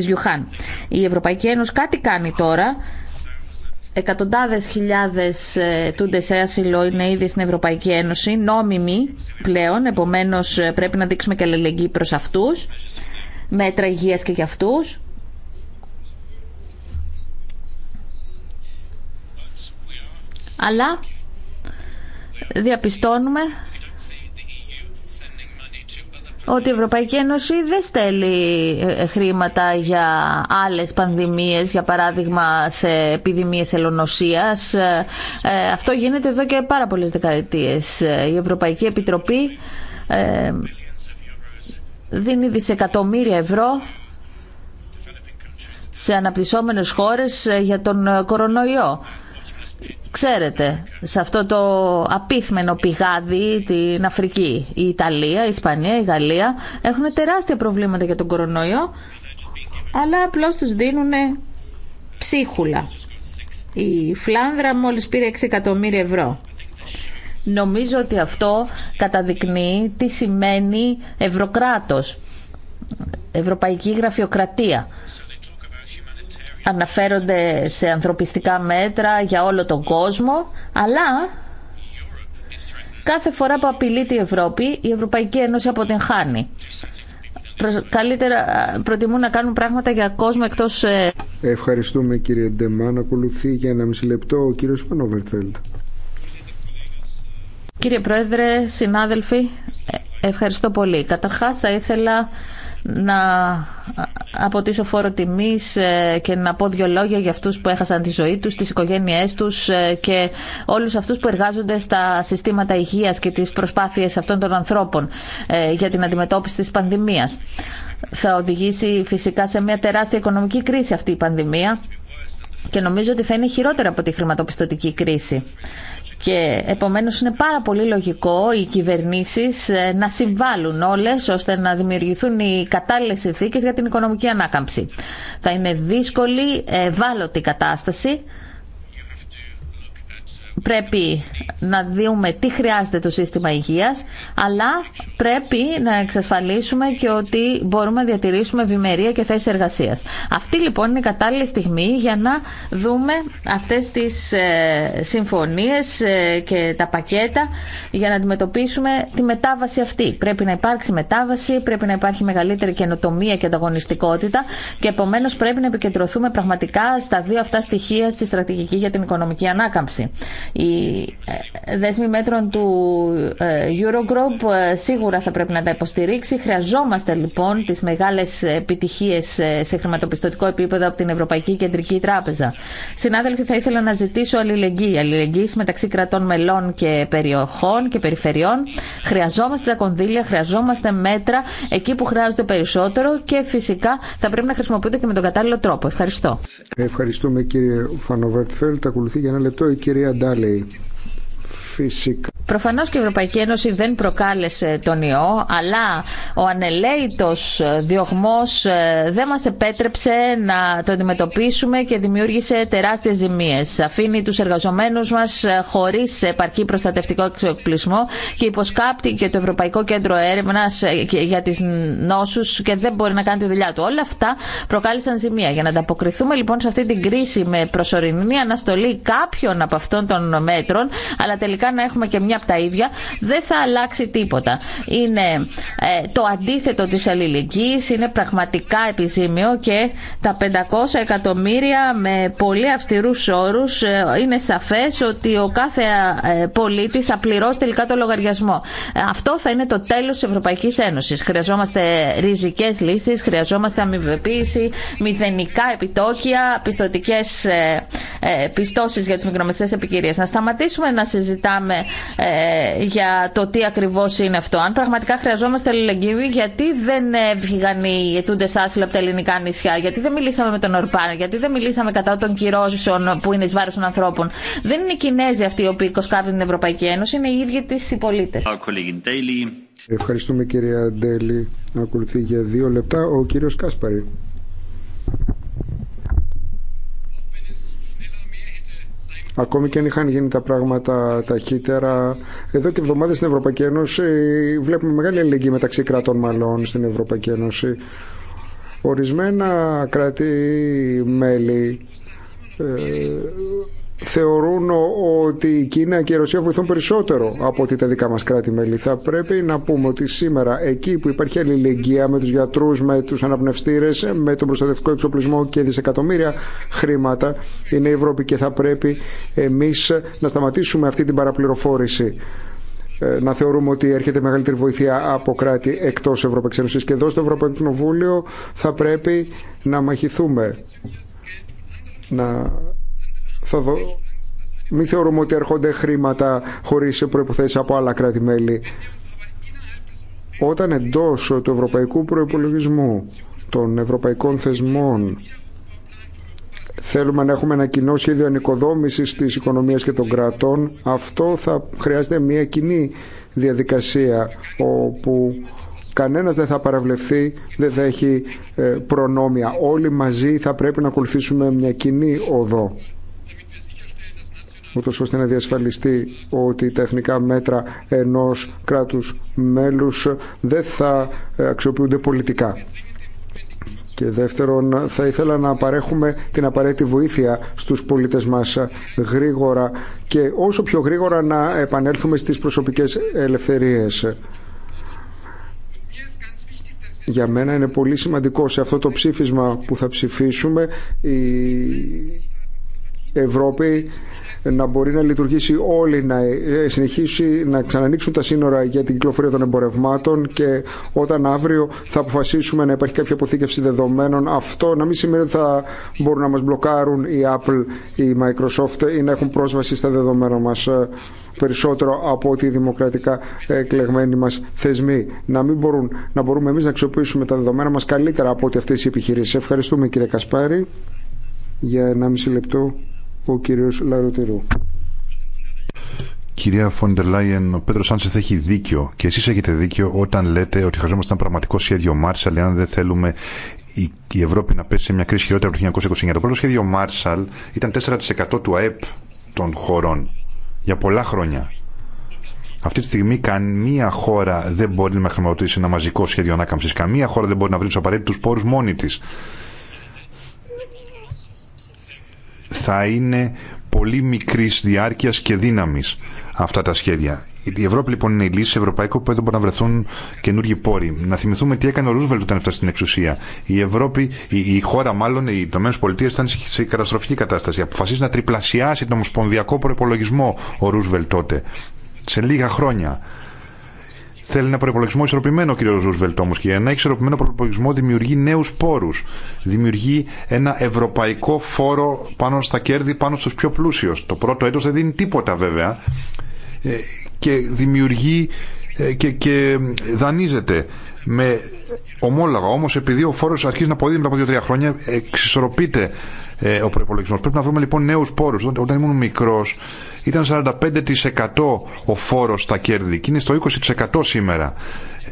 της Η Ευρωπαϊκή Ένωση κάτι κάνει τώρα. Εκατοντάδες χιλιάδες ε, του σε άσυλο είναι ήδη στην Ευρωπαϊκή Ένωση, νόμιμοι πλέον, επομένως ε, πρέπει να δείξουμε και αλληλεγγύη προς αυτούς, μέτρα υγείας και για αυτούς. Αλλά διαπιστώνουμε ότι η Ευρωπαϊκή Ένωση δεν στέλνει ε, χρήματα για άλλες πανδημίες, για παράδειγμα σε επιδημίες ελονοσίας. Ε, ε, αυτό γίνεται εδώ και πάρα πολλές δεκαετίες. Η Ευρωπαϊκή Επιτροπή δίνει δισεκατομμύρια ευρώ σε αναπτυσσόμενες χώρες για τον κορονοϊό. Ξέρετε, σε αυτό το απίθμενο πηγάδι την Αφρική, η Ιταλία, η Ισπανία, η Γαλλία έχουν τεράστια προβλήματα για τον κορονοϊό, αλλά απλώς τους δίνουν ψίχουλα. Η Φλάνδρα μόλις πήρε 6 εκατομμύρια ευρώ. Νομίζω ότι αυτό καταδεικνύει τι σημαίνει ευρωκράτος, ευρωπαϊκή γραφειοκρατία αναφέρονται σε ανθρωπιστικά μέτρα για όλο τον κόσμο, αλλά κάθε φορά που απειλείται η Ευρώπη, η Ευρωπαϊκή Ένωση αποτυγχάνει. Καλύτερα προτιμούν να κάνουν πράγματα για κόσμο εκτός... Ε, Ευχαριστούμε κύριε Ντεμάν. Ακολουθεί για ένα μισή λεπτό ο κύριος Φανόβερθελτ. Κύριε Πρόεδρε, συνάδελφοι, ε, ευχαριστώ πολύ. Καταρχάς θα ήθελα να αποτίσω φόρο τιμής ε, και να πω δύο λόγια για αυτούς που έχασαν τη ζωή τους, τις οικογένειές τους ε, και όλους αυτούς που εργάζονται στα συστήματα υγείας και τις προσπάθειες αυτών των ανθρώπων ε, για την αντιμετώπιση της πανδημίας. Θα οδηγήσει φυσικά σε μια τεράστια οικονομική κρίση αυτή η πανδημία και νομίζω ότι θα είναι χειρότερα από τη χρηματοπιστωτική κρίση. Και επομένως είναι πάρα πολύ λογικό οι κυβερνήσεις ε, να συμβάλλουν όλες ώστε να δημιουργηθούν οι κατάλληλες συνθήκες για την οικονομική ανάκαμψη. Θα είναι δύσκολη, ευάλωτη κατάσταση πρέπει να δούμε τι χρειάζεται το σύστημα υγείας, αλλά πρέπει να εξασφαλίσουμε και ότι μπορούμε να διατηρήσουμε ευημερία και θέσεις εργασίας. Αυτή λοιπόν είναι η κατάλληλη στιγμή για να δούμε αυτές τις ε, συμφωνίες ε, και τα πακέτα για να αντιμετωπίσουμε τη μετάβαση αυτή. Πρέπει να υπάρξει μετάβαση, πρέπει να υπάρχει μεγαλύτερη καινοτομία και ανταγωνιστικότητα και επομένως πρέπει να επικεντρωθούμε πραγματικά στα δύο αυτά στοιχεία στη στρατηγική για την οικονομική ανάκαμψη. Οι ε, δέσμοι μέτρων του ε, Eurogroup ε, σίγουρα θα πρέπει να τα υποστηρίξει. Χρειαζόμαστε λοιπόν τις μεγάλες επιτυχίες σε χρηματοπιστωτικό επίπεδο από την Ευρωπαϊκή Κεντρική Τράπεζα. Συνάδελφοι, θα ήθελα να ζητήσω αλληλεγγύη. Αλληλεγγύη μεταξύ κρατών μελών και περιοχών και περιφερειών. Χρειαζόμαστε τα κονδύλια, χρειαζόμαστε μέτρα εκεί που χρειάζονται περισσότερο και φυσικά θα πρέπει να χρησιμοποιούνται και με τον κατάλληλο τρόπο. Ευχαριστώ. Ευχαριστούμε κύριε Φανοβερτφέλτ. ακολουθεί για ένα λεπτό η κυρία Ντάλη λέει. Φυσικά Προφανώ και η Ευρωπαϊκή Ένωση δεν προκάλεσε τον ιό, αλλά ο ανελέητος διωγμό ε, δεν μα επέτρεψε να το αντιμετωπίσουμε και δημιούργησε τεράστιε ζημίε. Αφήνει του εργαζομένου μα ε, χωρί επαρκή προστατευτικό εξοπλισμό και υποσκάπτει και το Ευρωπαϊκό Κέντρο Έρευνα ε, για τι νόσου και δεν μπορεί να κάνει τη δουλειά του. Όλα αυτά προκάλεσαν ζημία. Για να ανταποκριθούμε λοιπόν σε αυτή την κρίση με προσωρινή αναστολή κάποιων από αυτών των μέτρων, αλλά τελικά να έχουμε και μια από τα ίδια, δεν θα αλλάξει τίποτα. Είναι ε, το αντίθετο της αλληλεγγύης, είναι πραγματικά επιζήμιο και τα 500 εκατομμύρια με πολύ αυστηρούς όρους ε, είναι σαφές ότι ο κάθε ε, πολίτης θα πληρώσει τελικά το λογαριασμό. Ε, αυτό θα είναι το τέλος της Ευρωπαϊκής Ένωσης. Χρειαζόμαστε ριζικές λύσεις, χρειαζόμαστε αμοιβεποίηση, μηδενικά επιτόκια, πιστοτικές πιστώσεις για τις μικρομεσαίες επιχειρήσεις. Να σταματήσουμε να συζητάμε ε, για το τι ακριβώ είναι αυτό. Αν πραγματικά χρειαζόμαστε αλληλεγγύη, γιατί δεν έφυγαν οι ετούντε άσυλο από τα ελληνικά νησιά, γιατί δεν μιλήσαμε με τον Ορπάν, γιατί δεν μιλήσαμε κατά των κυρώσεων που είναι ει βάρο των ανθρώπων. Δεν είναι οι Κινέζοι αυτοί οι οποίοι κοσκάβουν την Ευρωπαϊκή Ένωση, είναι οι ίδιοι τη συμπολίτε. Ευχαριστούμε κυρία Ντέλη. Ακολουθεί για δύο λεπτά ο κύριο Κάσπαρη. Ακόμη και αν είχαν γίνει τα πράγματα ταχύτερα, εδώ και εβδομάδες στην Ευρωπαϊκή Ένωση βλέπουμε μεγάλη αλληλεγγύη μεταξύ κρατών μαλλών στην Ευρωπαϊκή Ένωση. Ορισμένα κράτη-μέλη ε, θεωρούν ότι η Κίνα και η Ρωσία βοηθούν περισσότερο από ότι τα δικά μας κράτη-μέλη. Θα πρέπει να πούμε ότι σήμερα εκεί που υπάρχει αλληλεγγύα με τους γιατρούς, με τους αναπνευστήρες, με τον προστατευτικό εξοπλισμό και δισεκατομμύρια χρήματα είναι η Ευρώπη και θα πρέπει εμείς να σταματήσουμε αυτή την παραπληροφόρηση ε, να θεωρούμε ότι έρχεται μεγαλύτερη βοήθεια από κράτη εκτός Ευρωπαϊκής Ένωσης και εδώ στο Ευρωπαϊκό Κοινοβούλιο θα πρέπει να μαχηθούμε να θα δω... Μην θεωρούμε ότι έρχονται χρήματα χωρίς προϋποθέσεις από άλλα κράτη-μέλη. Όταν εντός του ευρωπαϊκού προϋπολογισμού των ευρωπαϊκών θεσμών θέλουμε να έχουμε ένα κοινό σχέδιο ανοικοδόμησης της οικονομίας και των κρατών, αυτό θα χρειάζεται μια κοινή διαδικασία όπου κανένας δεν θα παραβλεφθεί, δεν θα έχει ε, προνόμια. Όλοι μαζί θα πρέπει να ακολουθήσουμε μια κοινή οδό ούτως ώστε να διασφαλιστεί ότι τα εθνικά μέτρα ενός κράτους μέλους δεν θα ε, αξιοποιούνται πολιτικά. Και δεύτερον, θα ήθελα να παρέχουμε την απαραίτητη βοήθεια στους πολίτες μας γρήγορα και όσο πιο γρήγορα να επανέλθουμε στις προσωπικές ελευθερίες. Για μένα είναι πολύ σημαντικό σε αυτό το ψήφισμα που θα ψηφίσουμε η Ευρώπη να μπορεί να λειτουργήσει όλοι, να ε, συνεχίσει να ξανανοίξουν τα σύνορα για την κυκλοφορία των εμπορευμάτων και όταν αύριο θα αποφασίσουμε να υπάρχει κάποια αποθήκευση δεδομένων, αυτό να μην σημαίνει ότι θα μπορούν να μας μπλοκάρουν η Apple, η Microsoft ή να έχουν πρόσβαση στα δεδομένα μας ε, περισσότερο από ότι οι δημοκρατικά ε, εκλεγμένοι μας θεσμοί. Να, μην μπορούν, να μπορούμε εμείς να αξιοποιήσουμε τα δεδομένα μας καλύτερα από ότι αυτές οι επιχειρήσεις. Ευχαριστούμε κύριε Κασπάρη για 1,5 λεπτό ο κύριος Λαρωτηρού. Κυρία Φόντερ Λάιεν, ο Πέτρο Σάνσεθ έχει δίκιο και εσεί έχετε δίκιο όταν λέτε ότι χρειαζόμαστε ένα πραγματικό σχέδιο Μάρσαλ, εάν δεν θέλουμε η Ευρώπη να πέσει σε μια κρίση χειρότερη από το 1929. Το πρώτο σχέδιο Μάρσαλ ήταν 4% του ΑΕΠ των χωρών για πολλά χρόνια. Αυτή τη στιγμή καμία χώρα δεν μπορεί να χρηματοδοτήσει ένα μαζικό σχέδιο ανάκαμψη. Καμία χώρα δεν μπορεί να βρει του απαραίτητου πόρου μόνη τη. θα είναι πολύ μικρής διάρκειας και δύναμης αυτά τα σχέδια. Η Ευρώπη λοιπόν είναι η λύση σε ευρωπαϊκό επίπεδο που να βρεθούν καινούργιοι πόροι. Να θυμηθούμε τι έκανε ο Ρούσβελτ όταν έφτασε στην εξουσία. Η Ευρώπη, η, χώρα μάλλον, οι Ηνωμένε Πολιτείε ήταν σε καταστροφική κατάσταση. Αποφασίζει να τριπλασιάσει τον ομοσπονδιακό προπολογισμό ο Ρούσβελτ τότε. Σε λίγα χρόνια. Θέλει ένα προπολογισμό ισορροπημένο κύριο Ρούσβελτ όμω και ένα ισορροπημένο προπολογισμό δημιουργεί νέου πόρου. Δημιουργεί ένα ευρωπαϊκό φόρο πάνω στα κέρδη, πάνω στου πιο πλούσιου. Το πρώτο έτο δεν δίνει τίποτα βέβαια ε, και δημιουργεί ε, και δανείζεται με ομόλογα. όμω, επειδή ο φόρο αρχίζει να αποδίδει μετά από 2-3 χρόνια εξισορροπείται ε, ο προπολογισμό. Πρέπει να βρούμε λοιπόν νέου πόρου. Όταν ήμουν μικρό. ήταν 45% ο φόρο στα κέρδη και είναι στο 20% σήμερα.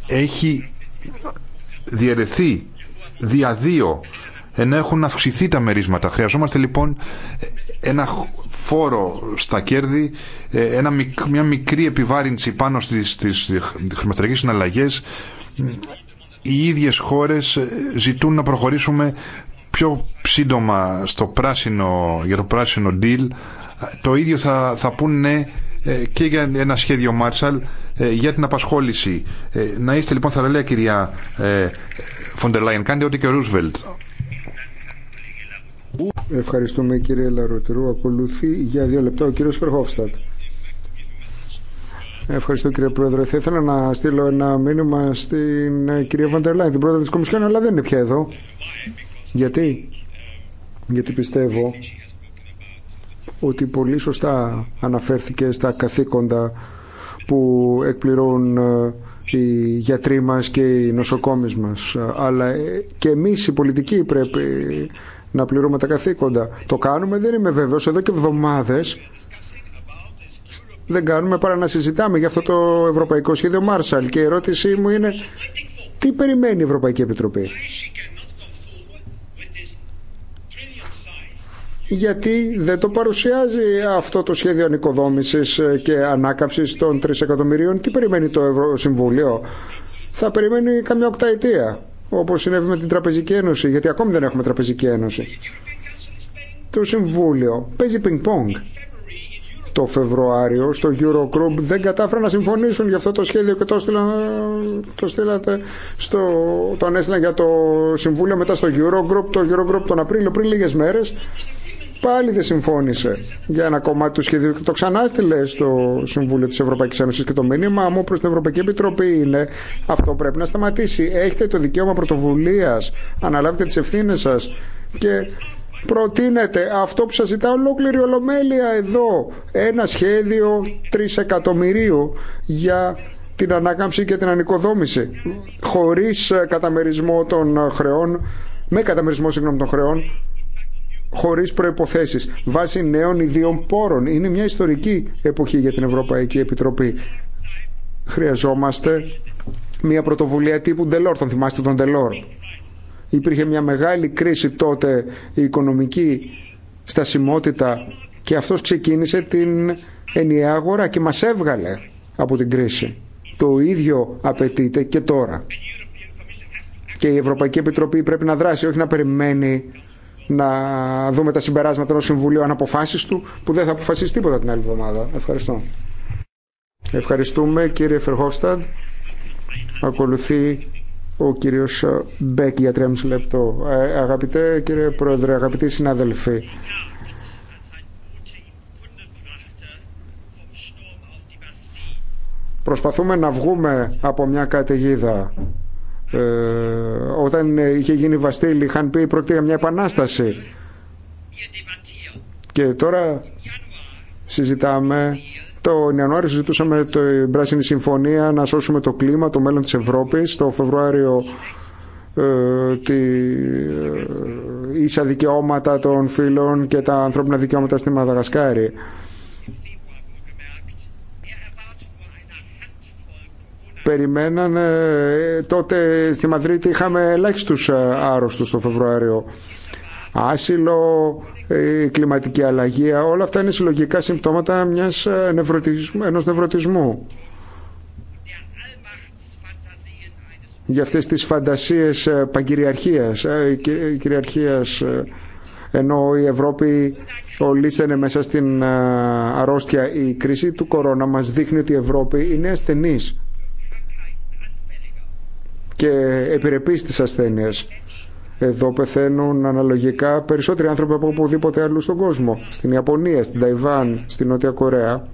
Έχει διαιρεθεί δια δύο ενώ έχουν αυξηθεί τα μερίσματα. Χρειαζόμαστε λοιπόν ένα φόρο στα κέρδη, ε, ένα, μια μικρή επιβάρυνση πάνω στις, στις χρηματιστηρικές συναλλαγές οι ίδιες χώρες ε, ζητούν να προχωρήσουμε πιο σύντομα στο πράσινο, για το πράσινο deal. Το ίδιο θα, θα πούν ναι, ε, και για ένα σχέδιο Μάρσαλ ε, για την απασχόληση. Να είστε λοιπόν θα λέει κυρία Φοντερ κάντε ό,τι και ο Ρούσβελτ. Ευχαριστούμε κύριε Λαροτερού. Ακολουθεί για δύο λεπτά ο κύριος Φερχόφστατ. Ευχαριστώ κύριε Πρόεδρε. Θα ήθελα να στείλω ένα μήνυμα στην ε, κυρία Βαντερλάιν, την πρόεδρο της Κομισιόν, αλλά δεν είναι πια εδώ. Γιατί, Γιατί πιστεύω ότι πολύ σωστά αναφέρθηκε στα καθήκοντα που εκπληρώνουν ε, οι γιατροί μας και οι νοσοκόμες μας. Αλλά ε, και εμείς οι πολιτικοί πρέπει να πληρούμε τα καθήκοντα. Το κάνουμε, δεν είμαι βέβαιος. Εδώ και εβδομάδες δεν κάνουμε παρά να συζητάμε για αυτό το ευρωπαϊκό σχέδιο Μάρσαλ και η ερώτησή μου είναι τι περιμένει η Ευρωπαϊκή Επιτροπή. γιατί δεν το παρουσιάζει αυτό το σχέδιο ανοικοδόμησης και ανάκαμψης των 3 εκατομμυρίων. Τι περιμένει το Ευρωσυμβούλιο. Θα περιμένει καμιά οκταετία, όπως συνέβη με την Τραπεζική Ένωση, γιατί ακόμη δεν έχουμε Τραπεζική Ένωση. Το Συμβούλιο παίζει πινκ-πονγκ το Φεβρουάριο στο Eurogroup δεν κατάφεραν να συμφωνήσουν για αυτό το σχέδιο και το, στείλα, το στείλατε στο, το για το Συμβούλιο μετά στο Eurogroup το Eurogroup τον Απρίλιο πριν λίγες μέρες πάλι δεν συμφώνησε για ένα κομμάτι του σχεδίου και το ξανά στείλε στο Συμβούλιο της Ευρωπαϊκής Ένωσης και το μήνυμα μου προς την Ευρωπαϊκή Επιτροπή είναι αυτό πρέπει να σταματήσει έχετε το δικαίωμα πρωτοβουλίας αναλάβετε τις ευθύνες σας και προτείνεται αυτό που σας ζητά ολόκληρη ολομέλεια εδώ ένα σχέδιο 3 για την ανάκαμψη και την ανοικοδόμηση χωρίς ε, καταμερισμό των ε, χρεών με καταμερισμό συγγνώμη των χρεών χωρίς προϋποθέσεις βάσει νέων ιδίων πόρων είναι μια ιστορική εποχή για την Ευρωπαϊκή Επιτροπή χρειαζόμαστε μια πρωτοβουλία τύπου Ντελόρ τον θυμάστε τον Ντελόρ Υπήρχε μια μεγάλη κρίση τότε η οικονομική στασιμότητα και αυτός ξεκίνησε την ενιαία αγορά και μας έβγαλε από την κρίση. Το ίδιο απαιτείται και τώρα. Και η Ευρωπαϊκή Επιτροπή πρέπει να δράσει, όχι να περιμένει να δούμε τα συμπεράσματα ενός Συμβουλίου αναποφάσει του, που δεν θα αποφασίσει τίποτα την άλλη εβδομάδα. Ευχαριστώ. Ευχαριστούμε κύριε Φερχόφσταντ. Ακολουθεί ο κύριος ε, Μπέκ για 3,5 λεπτό. Ε, αγαπητέ κύριε Πρόεδρε, αγαπητοί συνάδελφοι. Προσπαθούμε να βγούμε από μια καταιγίδα. Ε, όταν είχε γίνει Βαστήλη είχαν πει πρόκειται για μια επανάσταση. Και τώρα συζητάμε το Ιανουάριο συζητούσαμε την Πράσινη Συμφωνία να σώσουμε το κλίμα, το μέλλον της Ευρώπης. Το Φεβρουάριο ε, τη ε, ίσα δικαιώματα των φίλων και τα ανθρώπινα δικαιώματα στη Μαδαγασκάρη. Περιμέναν ε, τότε στη Μαδρίτη είχαμε ελάχιστους άρρωστους το Φεβρουάριο άσυλο, η κλιματική αλλαγή, όλα αυτά είναι συλλογικά συμπτώματα μιας ε, νευρωτισμού, ενός νευρωτισμού. Για αυτές τις φαντασίες ε, παγκυριαρχίας, ε, κυριαρχίας, ενώ η Ευρώπη ολίσθενε μέσα στην αρρώστια η κρίση του κορώνα μας δείχνει ότι η Ευρώπη είναι ασθενής και επιρρεπεί στις ασθένειες. Εδώ πεθαίνουν αναλογικά περισσότεροι άνθρωποι από οπουδήποτε άλλο στον κόσμο. Στην Ιαπωνία, στην Ταϊβάν, στην Νότια Κορέα.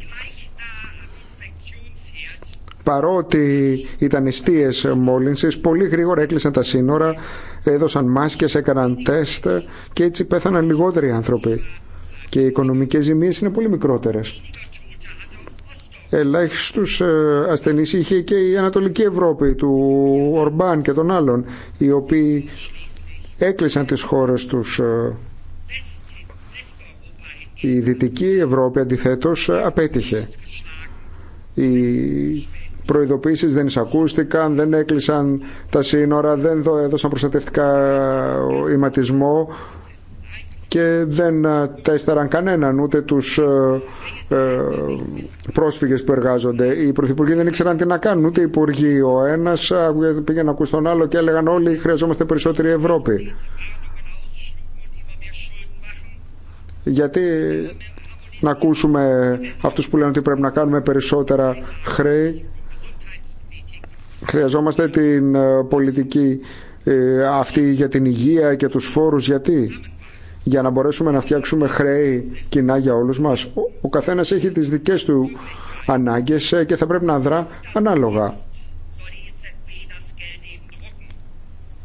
Παρότι ήταν εστίες μόλυνσης, πολύ γρήγορα έκλεισαν τα σύνορα, έδωσαν μάσκες, έκαναν τεστ και έτσι πέθαναν λιγότεροι άνθρωποι. Και οι οικονομικές ζημίες είναι πολύ μικρότερες. Ελάχιστου ε, ασθενείς είχε και η Ανατολική Ευρώπη του Ορμπάν και των άλλων, οι οποίοι έκλεισαν τις χώρες τους. Ε, η Δυτική Ευρώπη αντιθέτως ε, απέτυχε. Οι προειδοποίησεις δεν εισακούστηκαν, δεν έκλεισαν τα σύνορα, δεν έδωσαν προστατευτικά ε, ηματισμό και δεν τα έστεραν κανέναν, ούτε τους ε, πρόσφυγε που εργάζονται. Οι πρωθυπουργοί δεν ήξεραν τι να κάνουν, ούτε οι υπουργοί. Ο ένα πήγαινε να ακούσει τον άλλο και έλεγαν όλοι χρειαζόμαστε περισσότερη Ευρώπη. Γιατί να ακούσουμε αυτούς που λένε ότι πρέπει να κάνουμε περισσότερα χρέη. Χρειαζόμαστε την ε, πολιτική ε, αυτή για την υγεία και τους φόρους γιατί για να μπορέσουμε να φτιάξουμε χρέη κοινά για όλους μας. Ο, καθένας έχει τις δικές του ανάγκες ε, και θα πρέπει να δρά ανάλογα.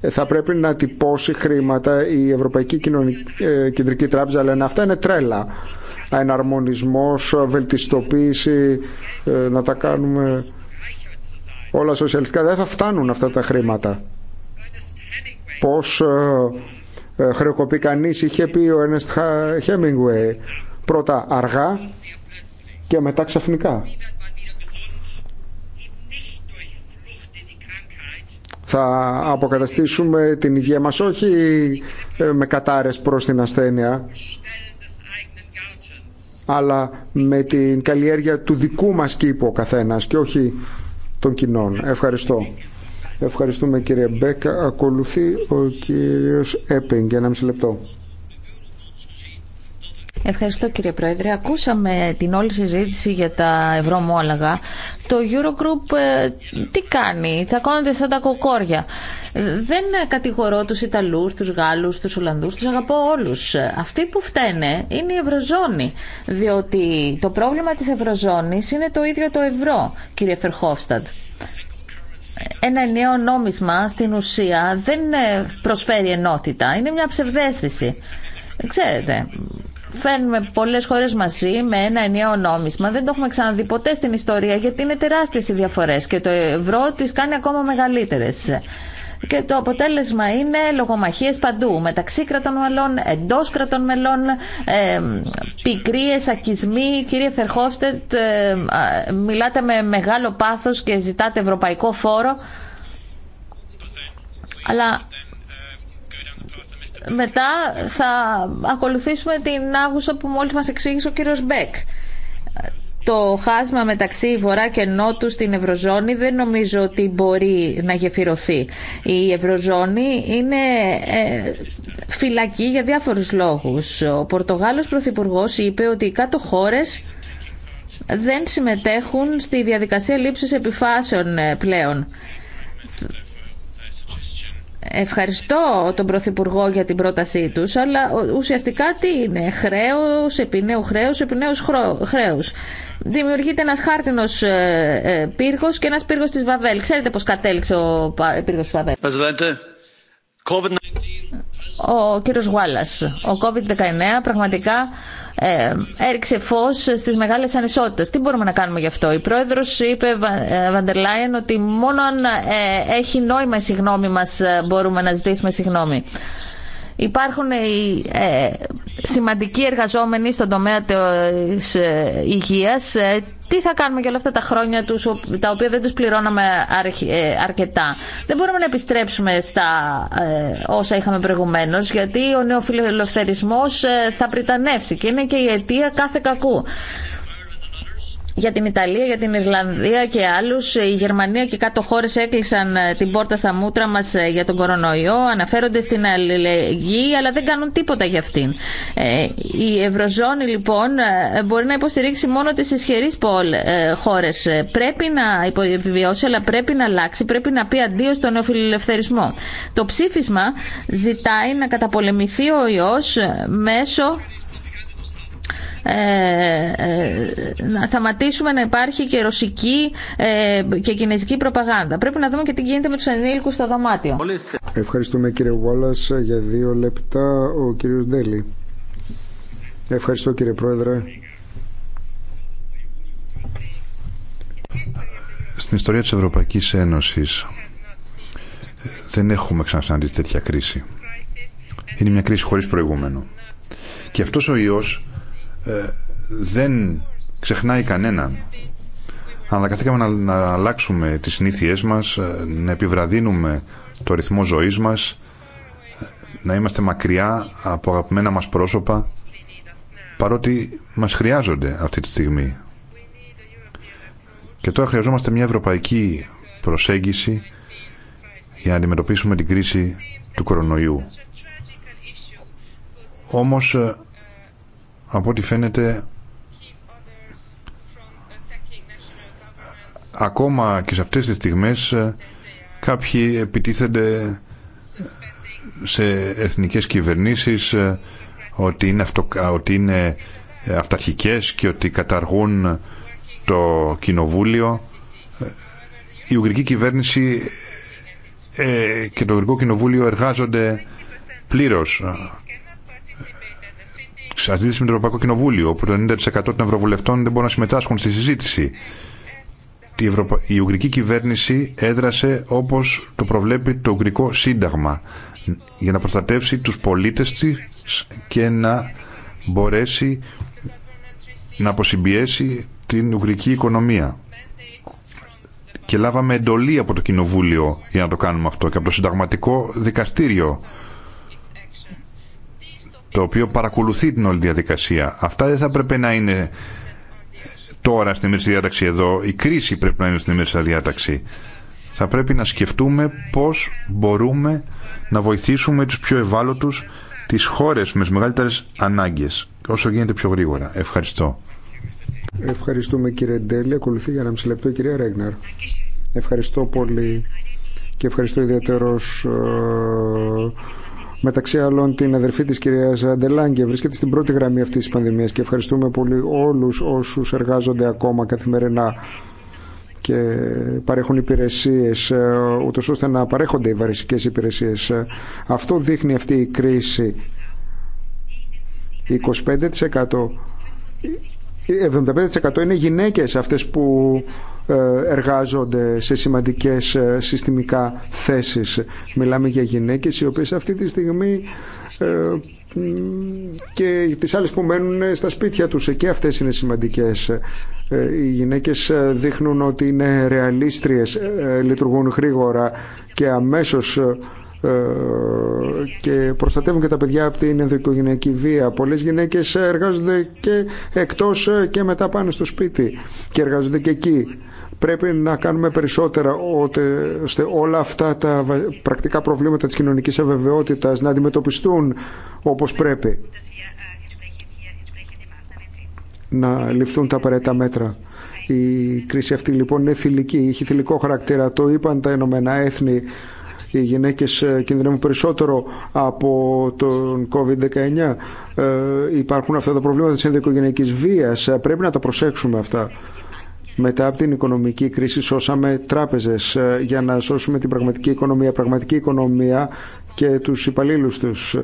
Ε, θα πρέπει να τυπώσει χρήματα η Ευρωπαϊκή ε, Κεντρική Τράπεζα, λένε αυτά είναι τρέλα. Εναρμονισμός, βελτιστοποίηση, να τα κάνουμε όλα σοσιαλιστικά. Δεν θα φτάνουν αυτά τα χρήματα. Πώς ε, χρεοκοπεί κανείς είχε πει ο Ernest Hemingway πρώτα αργά και μετά ξαφνικά θα αποκαταστήσουμε την υγεία μας όχι ε, με κατάρες προς την ασθένεια αλλά με την καλλιέργεια του δικού μας κήπου ο καθένας και όχι των κοινών. Ευχαριστώ. Ευχαριστούμε κύριε Μπέκα. Ακολουθεί ο κύριος Έπινγκ για ένα μισή λεπτό. Ευχαριστώ κύριε Πρόεδρε. Ακούσαμε την όλη συζήτηση για τα ευρωμόλαγα. Το Eurogroup ε, τι κάνει, τσακώνονται σαν τα κοκόρια. Δεν κατηγορώ τους Ιταλούς, τους Γάλλους, τους Ολλανδούς, τους αγαπώ όλους. Αυτοί που φταίνε είναι η Ευρωζώνη, διότι το πρόβλημα της Ευρωζώνης είναι το ίδιο το ευρώ, κύριε Φερχόφσταντ ένα νέο νόμισμα στην ουσία δεν ε, προσφέρει ενότητα. Είναι μια ψευδέστηση. Ξέρετε, φέρνουμε πολλές χώρες μαζί με ένα ενιαίο νόμισμα. Δεν το έχουμε ξαναδεί ποτέ στην ιστορία γιατί είναι τεράστιες οι διαφορές και το ευρώ τις κάνει ακόμα μεγαλύτερες και το αποτέλεσμα είναι λογομαχίες παντού, μεταξύ κρατών μελών, εντός κρατών μελών, ε, πικρίες, ακισμοί. Κύριε Φερχόφστετ, ε, μιλάτε με μεγάλο πάθος και ζητάτε ευρωπαϊκό φόρο, αλλά μετά θα ακολουθήσουμε την άγουσα που μόλις μας εξήγησε ο κύριος Μπέκ το χάσμα μεταξύ Βορρά και Νότου στην Ευρωζώνη δεν νομίζω ότι μπορεί να γεφυρωθεί. Η Ευρωζώνη είναι ε, φυλακή για διάφορους λόγους. Ο Πορτογάλος Πρωθυπουργό είπε ότι οι κάτω χώρες δεν συμμετέχουν στη διαδικασία λήψης επιφάσεων ε, πλέον. Ευχαριστώ τον Πρωθυπουργό για την πρότασή τους, αλλά ουσιαστικά τι είναι, χρέος, επινέου χρέος, επινέους χρέος. Δημιουργείται ένας χάρτινος ε, ε, πύργος και ένας πύργος της Βαβέλ. Ξέρετε πώς κατέληξε ο πύργος της Βαβέλ. Ο κύριος Γουάλλας, ο COVID-19 πραγματικά ε, έριξε φως στι μεγάλες ανισότητε. Τι μπορούμε να κάνουμε γι' αυτό. Η πρόεδρο είπε, ε, Βαντερ ότι μόνο αν ε, έχει νόημα η συγγνώμη μας ε, μπορούμε να ζητήσουμε συγγνώμη. Υπάρχουν οι σημαντικοί εργαζόμενοι στον τομέα της υγείας τι θα κάνουμε για όλα αυτά τα χρόνια τους, τα οποία δεν τους πληρώναμε ε, αρκετά. Δεν μπορούμε να επιστρέψουμε στα ε, όσα είχαμε προηγουμένως, γιατί ο νεοφιλελευθερισμός ε, θα πριτανεύσει και είναι και η αιτία κάθε κακού για την Ιταλία, για την Ιρλανδία και άλλου. Η Γερμανία και κάτω χώρε έκλεισαν ε, την πόρτα στα μούτρα μα ε, για τον κορονοϊό, αναφέρονται στην αλληλεγγύη, αλλά δεν κάνουν τίποτα για αυτήν. Ε, η Ευρωζώνη λοιπόν μπορεί να υποστηρίξει μόνο τι ισχυρε χώρε. Πρέπει να επιβιώσει, αλλά πρέπει να αλλάξει, πρέπει να πει αντίο στον νεοφιλελευθερισμό. Το ψήφισμα ζητάει να καταπολεμηθεί ο ιό μέσω ε, ε, να σταματήσουμε να υπάρχει και ρωσική ε, και κινέζικη προπαγάνδα. Πρέπει να δούμε και τι γίνεται με τους ενήλικου στο δωμάτιο. Ευχαριστούμε κύριε Γουάλλας. Για δύο λεπτά ο κύριος Ντέλη. Ευχαριστώ κύριε Πρόεδρε. Στην ιστορία της Ευρωπαϊκής Ένωσης δεν έχουμε ξανασυναντήσει τέτοια κρίση. Είναι μια κρίση χωρίς προηγούμενο. Και αυτός ο ιός ε, δεν ξεχνάει κανέναν. Αναγκαστήκαμε να, να αλλάξουμε τις συνήθειές μας, ε, να επιβραδύνουμε το ρυθμό ζωής μας, ε, να είμαστε μακριά από αγαπημένα μας πρόσωπα, παρότι μας χρειάζονται αυτή τη στιγμή. Και τώρα χρειαζόμαστε μια ευρωπαϊκή προσέγγιση για να αντιμετωπίσουμε την κρίση του κορονοϊού. Όμως από ό,τι φαίνεται ακόμα και σε αυτές τις στιγμές κάποιοι επιτίθενται σε εθνικές κυβερνήσεις ε, ότι είναι, αυτο, ε, ότι είναι ε, αυταρχικές και ότι καταργούν το κοινοβούλιο η Ουγγρική κυβέρνηση και το Ουγγρικό κοινοβούλιο εργάζονται πλήρως Αντίθεση με το Ευρωπαϊκό Κοινοβούλιο, όπου το 90% των Ευρωβουλευτών δεν μπορούν να συμμετάσχουν στη συζήτηση. Η, Ευρωπα... η Ουγγρική κυβέρνηση έδρασε όπως το προβλέπει το Ουγγρικό Σύνταγμα για να προστατεύσει τους πολίτες τη και να μπορέσει να αποσυμπιέσει την Ουγγρική οικονομία. Και λάβαμε εντολή από το Κοινοβούλιο για να το κάνουμε αυτό και από το Συνταγματικό Δικαστήριο το οποίο παρακολουθεί την όλη διαδικασία. Αυτά δεν θα πρέπει να είναι τώρα στην ημερήσια διάταξη εδώ. Η κρίση πρέπει να είναι στην ημερήσια διάταξη. Θα πρέπει να σκεφτούμε πώς μπορούμε να βοηθήσουμε τους πιο ευάλωτους τις χώρες με τις μεγαλύτερες ανάγκες όσο γίνεται πιο γρήγορα. Ευχαριστώ. Ευχαριστούμε κύριε Ντέλη. Ακολουθεί για ένα μισή λεπτό η κυρία Ρέγναρ. Ευχαριστώ πολύ και ευχαριστώ ιδιαίτερος ε, μεταξύ άλλων την αδερφή τη κυρία Ντελάγκε βρίσκεται στην πρώτη γραμμή αυτής της πανδημίας και ευχαριστούμε πολύ όλους όσους εργάζονται ακόμα καθημερινά και παρέχουν υπηρεσίες ε, ούτω ώστε να παρέχονται οι βαρισικέ υπηρεσίες. Ε, αυτό δείχνει αυτή η κρίση. 25% 75% ε, είναι γυναίκες αυτές που ε, εργάζονται σε σημαντικές ε, συστημικά θέσεις. Μιλάμε για γυναίκες οι οποίες αυτή τη στιγμή ε, και τις άλλες που μένουν στα σπίτια τους και αυτές είναι σημαντικές οι γυναίκες δείχνουν ότι είναι ρεαλίστριες λειτουργούν γρήγορα και αμέσως ε, και προστατεύουν και τα παιδιά από την ενδοικογενειακή βία. Πολλές γυναίκες εργάζονται και εκτός ε, και μετά πάνε στο σπίτι και εργάζονται και εκεί. Πρέπει να κάνουμε περισσότερα ώστε όλα αυτά τα πρακτικά προβλήματα της κοινωνικής αβεβαιότητας να αντιμετωπιστούν όπως πρέπει. Να ληφθούν τα απαραίτητα μέτρα. Η κρίση αυτή λοιπόν είναι θηλυκή, έχει θηλυκό χαρακτήρα, το είπαν τα Ηνωμένα Έθνη. Οι γυναίκες ε, κινδυνεύουν περισσότερο από τον COVID-19. Ε, υπάρχουν αυτά τα προβλήματα της ενδοικογενειακής βίας. Ε, πρέπει να τα προσέξουμε αυτά μετά από την οικονομική κρίση σώσαμε τράπεζες για να σώσουμε την πραγματική οικονομία, πραγματική οικονομία και τους υπαλλήλου τους.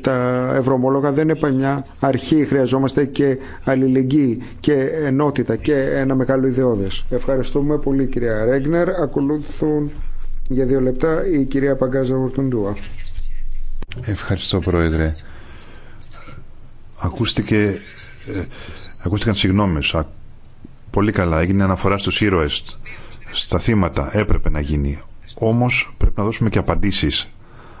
Τα ευρωομόλογα δεν είναι μια αρχή, χρειαζόμαστε και αλληλεγγύη και ενότητα και ένα μεγάλο ιδεώδες. Ευχαριστούμε πολύ κυρία Ρέγνερ. Ακολουθούν για δύο λεπτά η κυρία Παγκάζα Ουρτουντούα. Ευχαριστώ Πρόεδρε. Ακούστηκε, ε, ακούστηκαν συγγνώμες. Πολύ καλά. Έγινε αναφορά στους ήρωες, στα θύματα. Έπρεπε να γίνει. Όμως πρέπει να δώσουμε και απαντήσεις.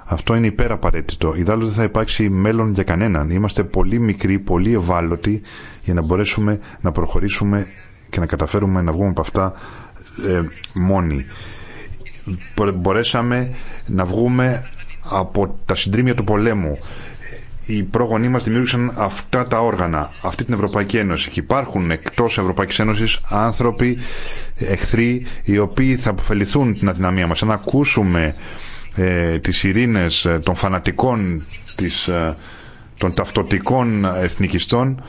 Αυτό είναι υπεραπαραίτητο. Ιδάλλως δεν θα υπάρξει μέλλον για κανέναν. Είμαστε πολύ μικροί, πολύ ευάλωτοι για να μπορέσουμε να προχωρήσουμε και να καταφέρουμε να βγούμε από αυτά ε, μόνοι μπορέσαμε να βγούμε από τα συντρίμια του πολέμου. Οι πρόγονοί μας δημιούργησαν αυτά τα όργανα, αυτή την Ευρωπαϊκή Ένωση. Και υπάρχουν εκτός Ευρωπαϊκής Ένωσης άνθρωποι, εχθροί, οι οποίοι θα αποφεληθούν την αδυναμία μας. Αν ακούσουμε ε, τις ειρήνες ε, των φανατικών, της, ε, των ταυτοτικών εθνικιστών,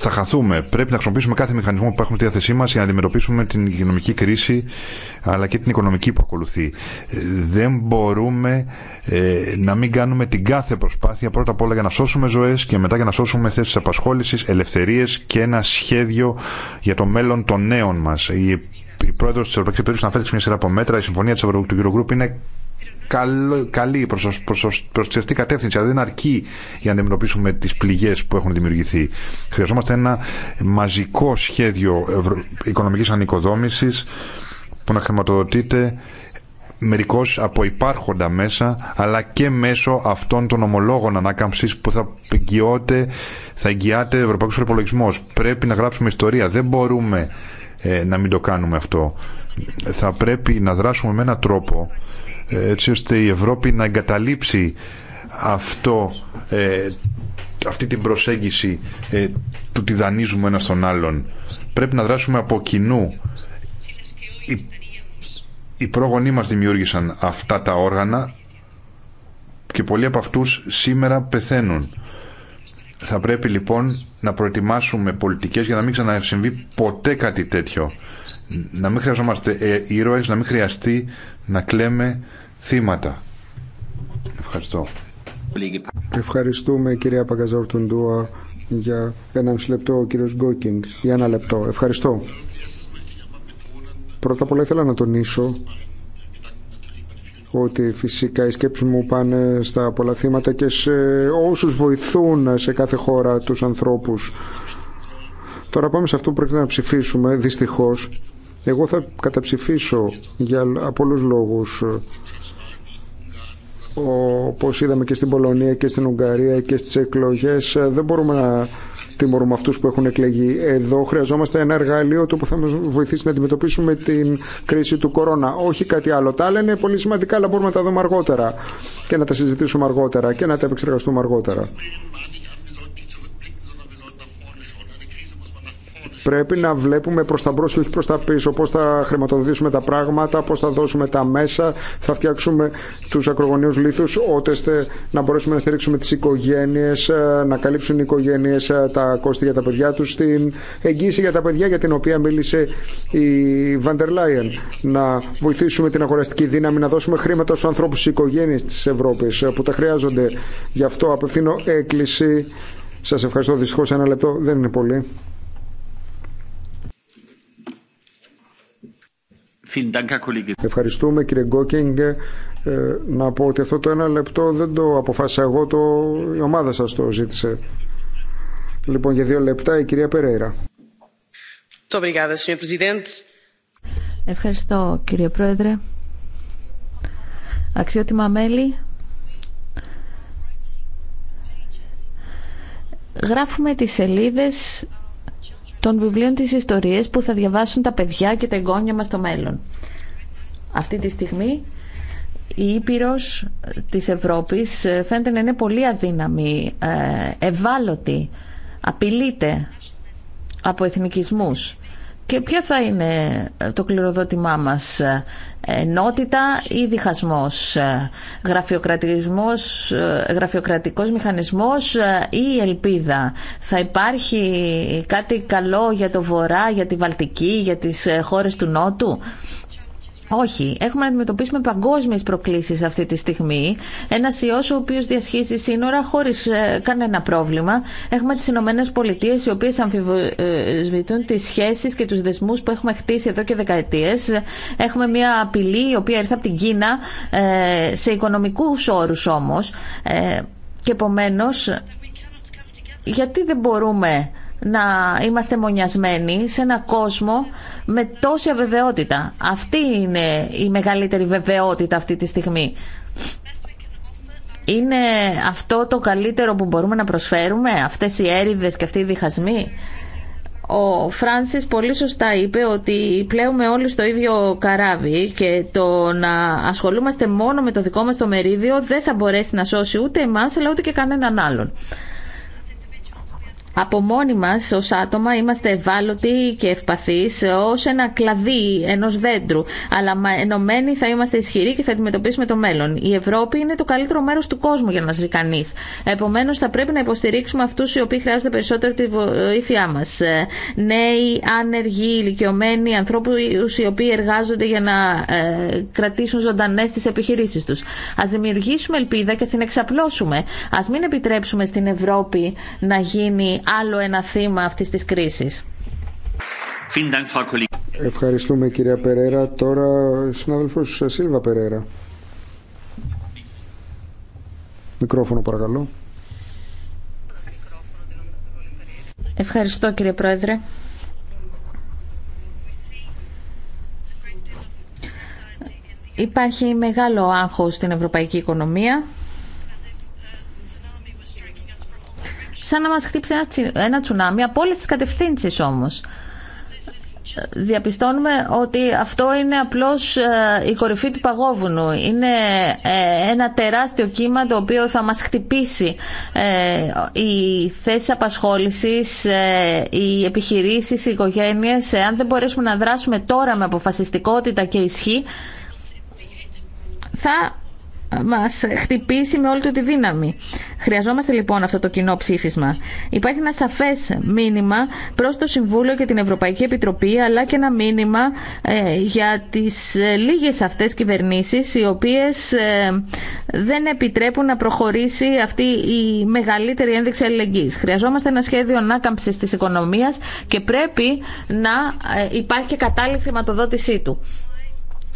θα χαθούμε. Πρέπει να χρησιμοποιήσουμε κάθε μηχανισμό που έχουμε στη διάθεσή μα για να αντιμετωπίσουμε την υγειονομική κρίση αλλά και την οικονομική που ακολουθεί. Δεν μπορούμε ε, να μην κάνουμε την κάθε προσπάθεια πρώτα απ' όλα για να σώσουμε ζωέ και μετά για να σώσουμε θέσει απασχόληση, ελευθερίε και ένα σχέδιο για το μέλλον των νέων μα. Η, η πρόεδρο τη Ευρωπαϊκή Επιτροπή αναφέρθηκε σε μια σειρά από μέτρα. Η συμφωνία τη Ευρωγκρουπ είναι καλή προς τη κατεύθυνση, αλλά δεν αρκεί για να αντιμετωπίσουμε τις πληγές που έχουν δημιουργηθεί. Χρειαζόμαστε ένα μαζικό σχέδιο οικονομικής ανοικοδόμησης που να χρηματοδοτείται μερικώς από υπάρχοντα μέσα αλλά και μέσω αυτών των ομολόγων ανάκαμψης που θα εγγυάται, θα εγγυάται ευρωπαϊκός προπολογισμός. Πρέπει να γράψουμε ιστορία. Δεν μπορούμε ε, να μην το κάνουμε αυτό. Θα πρέπει να δράσουμε με έναν τρόπο έτσι ώστε η Ευρώπη να εγκαταλείψει αυτό, ε, αυτή την προσέγγιση ε, του τι δανείζουμε ένα στον άλλον. Πρέπει να δράσουμε από κοινού. Οι, οι πρόγονοί μας δημιούργησαν αυτά τα όργανα και πολλοί από αυτούς σήμερα πεθαίνουν. Θα πρέπει λοιπόν να προετοιμάσουμε πολιτικές για να μην ξανασυμβεί ποτέ κάτι τέτοιο. Να μην χρειαζόμαστε ε, ήρωες, να μην χρειαστεί να κλαίμε θύματα. Ευχαριστώ. Ευχαριστούμε κυρία Παγκαζόρτουντούα για ένα λεπτό ο κύριος Γκόκινγκ. Για ένα λεπτό. Ευχαριστώ. Πρώτα απ' όλα ήθελα να τονίσω ότι φυσικά οι σκέψεις μου πάνε στα πολλά θύματα και σε όσους βοηθούν σε κάθε χώρα τους ανθρώπους. Τώρα πάμε σε αυτό που πρέπει να ψηφίσουμε, δυστυχώς. Εγώ θα καταψηφίσω για, πολλούς λόγους όπως είδαμε και στην Πολωνία και στην Ουγγαρία και στις εκλογές ε, δεν μπορούμε να τιμωρούμε αυτούς που έχουν εκλεγεί. Εδώ χρειαζόμαστε ένα εργαλείο το που θα μας βοηθήσει να αντιμετωπίσουμε την κρίση του κορώνα. Όχι κάτι άλλο. Τα άλλα είναι πολύ σημαντικά αλλά μπορούμε να τα δούμε αργότερα και να τα συζητήσουμε αργότερα και να τα επεξεργαστούμε αργότερα. Πρέπει να βλέπουμε προ τα μπρο και όχι προ τα πίσω. Πώ θα χρηματοδοτήσουμε τα πράγματα, πώ θα δώσουμε τα μέσα, θα φτιάξουμε του ακρογωνίου λήθου, ώστε να μπορέσουμε να στηρίξουμε τι οικογένειε, ε, να καλύψουν οι οικογένειε ε, τα κόστη για τα παιδιά του, την εγγύηση για τα παιδιά για την οποία μίλησε η Βαντερ Λάιεν. Να βοηθήσουμε την αγοραστική δύναμη, να δώσουμε χρήματα στου ανθρώπου στι οικογένειε τη Ευρώπη ε, που τα χρειάζονται. Γι' αυτό απευθύνω έκκληση. Σας ευχαριστώ. δυστυχώ ένα λεπτό δεν είναι πολύ. Ευχαριστούμε κύριε Γκόκινγκ. Ε, να πω ότι αυτό το ένα λεπτό δεν το αποφάσισα εγώ, το, η ομάδα σας το ζήτησε. Λοιπόν, για δύο λεπτά η κυρία Περέιρα. Ευχαριστώ κύριε Πρόεδρε. Αξιότιμα μέλη, γράφουμε τις σελίδες των βιβλίων της ιστορίας που θα διαβάσουν τα παιδιά και τα εγγόνια μας στο μέλλον. Αυτή τη στιγμή η Ήπειρος της Ευρώπης ε, φαίνεται να είναι πολύ αδύναμη, ε, ευάλωτη, απειλείται από εθνικισμούς. Και ποια θα είναι ε, το κληροδότημά μας, ε, ενότητα ή διχασμός, ε, γραφειοκρατισμός, γραφειοκρατικός μηχανισμός ή ελπίδα. Θα υπάρχει κάτι καλό για το Βορρά, για τη Βαλτική, για τις χώρες του Νότου. Όχι, έχουμε να αντιμετωπίσουμε παγκόσμιε προκλήσει αυτή τη στιγμή. Ένα ιό ο οποίο διασχίζει σύνορα χωρί ε, κανένα πρόβλημα. Έχουμε τι Ηνωμένε Πολιτείε, οι οποίε αμφισβητούν τι σχέσει και του δεσμού που έχουμε χτίσει εδώ και δεκαετίε. Έχουμε μια απειλή η οποία ήρθε από την Κίνα, ε, σε οικονομικού όρου όμω. Ε, και επομένω, γιατί δεν μπορούμε να είμαστε μονιασμένοι σε ένα κόσμο με τόση αβεβαιότητα. Αυτή είναι η μεγαλύτερη βεβαιότητα αυτή τη στιγμή. Είναι αυτό το καλύτερο που μπορούμε να προσφέρουμε, αυτές οι έρηδες και αυτοί οι διχασμοί. Ο Φράνσις πολύ σωστά είπε ότι πλέουμε όλοι στο ίδιο καράβι και το να ασχολούμαστε μόνο με το δικό μας το μερίδιο δεν θα μπορέσει να σώσει ούτε εμάς αλλά ούτε και κανέναν άλλον από μόνοι μας ως άτομα είμαστε ευάλωτοι και ευπαθείς ως ένα κλαδί ενός δέντρου. Αλλά ενωμένοι θα είμαστε ισχυροί και θα αντιμετωπίσουμε το μέλλον. Η Ευρώπη είναι το καλύτερο μέρος του κόσμου για να ζει κανεί. Επομένως θα πρέπει να υποστηρίξουμε αυτούς οι οποίοι χρειάζονται περισσότερο τη βοήθειά μας. Ε, νέοι, άνεργοι, ηλικιωμένοι, ανθρώπους οι οποίοι εργάζονται για να ε, κρατήσουν ζωντανέ τις επιχειρήσεις τους. Ας δημιουργήσουμε ελπίδα και στην την εξαπλώσουμε. Ας μην επιτρέψουμε στην Ευρώπη να γίνει άλλο ένα θύμα αυτή τη κρίση. Ευχαριστούμε κυρία Περέρα. Τώρα συνάδελφος Σίλβα Περέρα. Μικρόφωνο παρακαλώ. Ευχαριστώ κύριε Πρόεδρε. Υπάρχει μεγάλο άγχος στην ευρωπαϊκή οικονομία. σαν να μας χτύψει ένα, ένα τσουνάμι από όλες τις κατευθύνσεις όμως. Διαπιστώνουμε ότι αυτό είναι απλώς ε, η κορυφή του παγόβουνου. Είναι ε, ένα τεράστιο κύμα το οποίο θα μας χτυπήσει ε, οι θέσεις απασχόλησης, οι επιχειρήσεις, οι οικογένειες. Αν δεν μπορέσουμε να δράσουμε τώρα με αποφασιστικότητα και ισχύ, θα μας χτυπήσει με όλη του τη δύναμη. Χρειαζόμαστε λοιπόν αυτό το κοινό ψήφισμα. Υπάρχει ένα σαφές μήνυμα προς το Συμβούλιο και την Ευρωπαϊκή Επιτροπή αλλά και ένα μήνυμα ε, για τις ε, λίγες αυτές κυβερνήσεις οι οποίες ε, δεν επιτρέπουν να προχωρήσει αυτή η μεγαλύτερη ένδειξη αλληλεγγύης. Χρειαζόμαστε ένα σχέδιο ανάκαμψης της οικονομίας και πρέπει να ε, υπάρχει και κατάλληλη χρηματοδότησή του.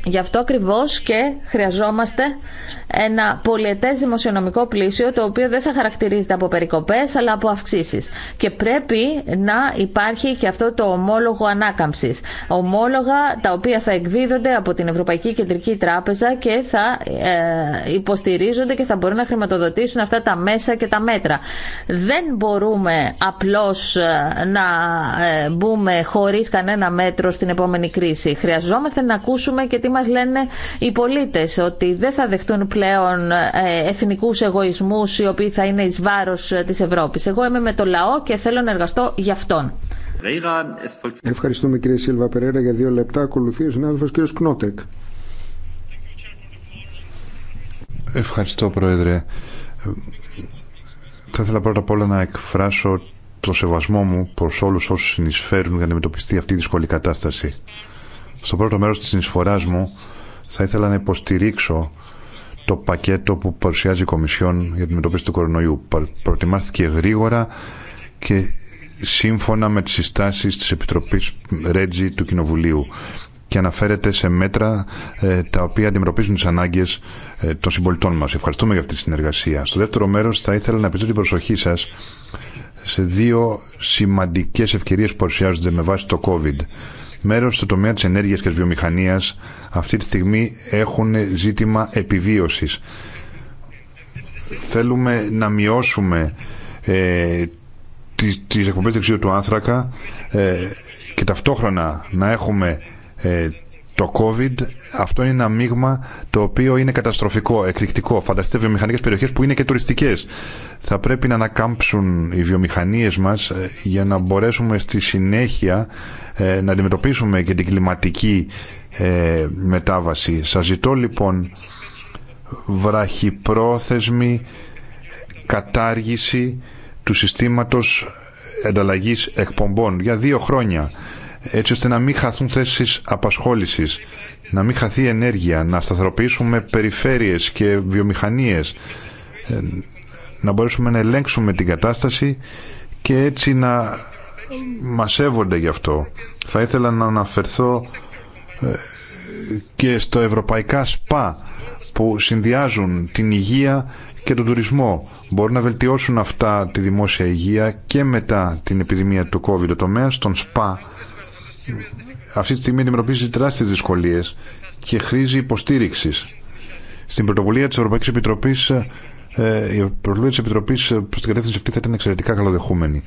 Γι' αυτό ακριβώ και χρειαζόμαστε ένα πολιετέ δημοσιονομικό πλήσιο το οποίο δεν θα χαρακτηρίζεται από περικοπέ αλλά από αυξήσει. Και πρέπει να υπάρχει και αυτό το ομόλογο ανάκαμψη. Ομόλογα τα οποία θα εκδίδονται από την Ευρωπαϊκή Κεντρική Τράπεζα και θα ε, υποστηρίζονται και θα μπορούν να χρηματοδοτήσουν αυτά τα μέσα και τα μέτρα. Δεν μπορούμε απλώ ε, να ε, μπούμε χωρί κανένα μέτρο στην επόμενη κρίση. Χρειαζόμαστε να ακούσουμε και τη μας λένε οι πολίτες ότι δεν θα δεχτούν πλέον ε, εθνικούς εγωισμούς οι οποίοι θα είναι εις βάρος ε, της Ευρώπης. Εγώ είμαι με το λαό και θέλω να εργαστώ για αυτόν. Ε, Ευχαριστούμε κύριε Σίλβα Περέρα για δύο λεπτά. Ακολουθεί ο συνάδελφος κύριος Κνότεκ. Ευχαριστώ Πρόεδρε. Θα ήθελα πρώτα απ' όλα να εκφράσω το σεβασμό μου προς όλους όσους συνεισφέρουν για να αντιμετωπιστεί αυτή η δύσκολη κατάσταση. Στο πρώτο μέρος της συνεισφοράς μου θα ήθελα να υποστηρίξω το πακέτο που παρουσιάζει η Κομισιόν για την μετωπίση του κορονοϊού. Προετοιμάστηκε γρήγορα και σύμφωνα με τις συστάσεις της Επιτροπής Ρέτζη του Κοινοβουλίου και αναφέρεται σε μέτρα ε, τα οποία αντιμετωπίζουν τις ανάγκες ε, των συμπολιτών μας. Ευχαριστούμε για αυτή τη συνεργασία. Στο δεύτερο μέρος θα ήθελα να επιστρέψω την προσοχή σας σε δύο σημαντικές ευκαιρίες που παρουσιάζονται με βάση το COVID μέρος στο τομέα τη ενέργειας και της βιομηχανίας αυτή τη στιγμή έχουν ζήτημα επιβίωσης. Θέλουμε να μειώσουμε ε, τις, εκπομπές δεξιού του άνθρακα ε, και ταυτόχρονα να έχουμε ε, το COVID αυτό είναι ένα μείγμα το οποίο είναι καταστροφικό, εκρηκτικό. Φανταστείτε βιομηχανικές περιοχές που είναι και τουριστικές. Θα πρέπει να ανακάμψουν οι βιομηχανίες μας ε, για να μπορέσουμε στη συνέχεια ε, να αντιμετωπίσουμε και την κλιματική ε, μετάβαση. Σας ζητώ λοιπόν βραχυπρόθεσμη κατάργηση του συστήματος ενταλλαγής εκπομπών για δύο χρόνια έτσι ώστε να μην χαθούν θέσεις απασχόλησης, να μην χαθεί ενέργεια, να σταθεροποιήσουμε περιφέρειες και βιομηχανίες, ε, να μπορέσουμε να ελέγξουμε την κατάσταση και έτσι να σέβονται γι' αυτό. Θα ήθελα να αναφερθώ ε, και στο ευρωπαϊκά ΣΠΑ που συνδυάζουν την υγεία και τον τουρισμό. Μπορούν να βελτιώσουν αυτά τη δημόσια υγεία και μετά την επιδημία του COVID. Ο τομέας ΣΠΑ αυτή τη στιγμή αντιμετωπίζει τεράστιε δυσκολίε και χρήζει υποστήριξη. Στην πρωτοβουλία τη Ευρωπαϊκή Επιτροπή, ε, η πρωτοβουλία τη Επιτροπή προ την κατεύθυνση αυτή θα ήταν εξαιρετικά καλοδεχούμενη.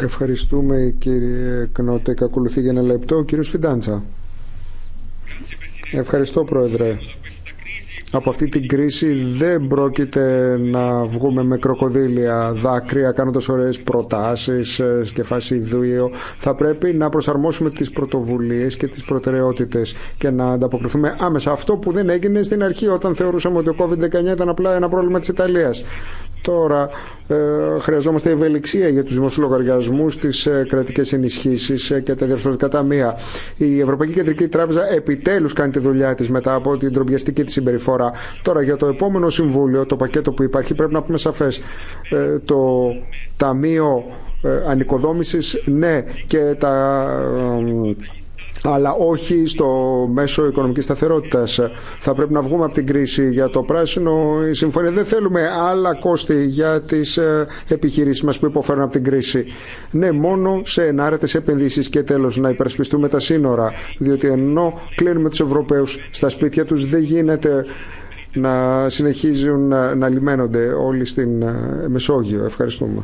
Ευχαριστούμε κύριε Κνότεκ. Ακολουθεί για ένα λεπτό ο κύριο Φιντάντσα. Ευχαριστώ πρόεδρε από αυτή την κρίση δεν πρόκειται να βγούμε με κροκοδίλια δάκρυα κάνοντας ωραίες προτάσεις ε, και φάση 2. Θα πρέπει να προσαρμόσουμε τις πρωτοβουλίες και τις προτεραιότητες και να ανταποκριθούμε άμεσα αυτό που δεν έγινε στην αρχή όταν θεωρούσαμε ότι ο COVID-19 ήταν απλά ένα πρόβλημα της Ιταλίας. Τώρα ε, χρειαζόμαστε ευελιξία για τους δημοσίου λογαριασμούς, τις ε, κρατικές ενισχύσεις ε, και τα διαρθρωτικά ταμεία. Η Ευρωπαϊκή Κεντρική Τράπεζα επιτέλους κάνει τη δουλειά της μετά από την ντροπιαστική της συμπεριφορά. Τώρα για το επόμενο συμβούλιο, το πακέτο που υπάρχει πρέπει να πούμε σαφές. το Ταμείο Ανοικοδόμησης, ναι, και τα αλλά όχι στο μέσο οικονομικής σταθερότητας. Θα πρέπει να βγούμε από την κρίση για το πράσινο η συμφωνία. Δεν θέλουμε άλλα κόστη για τις ε, επιχειρήσεις μας που υποφέρουν από την κρίση. Ναι, μόνο σε ενάρετες επενδύσεις και τέλος να υπερασπιστούμε τα σύνορα, διότι ενώ κλείνουμε τους Ευρωπαίους στα σπίτια τους δεν γίνεται να συνεχίζουν να λιμένονται όλοι στην ε, Μεσόγειο. Ευχαριστούμε.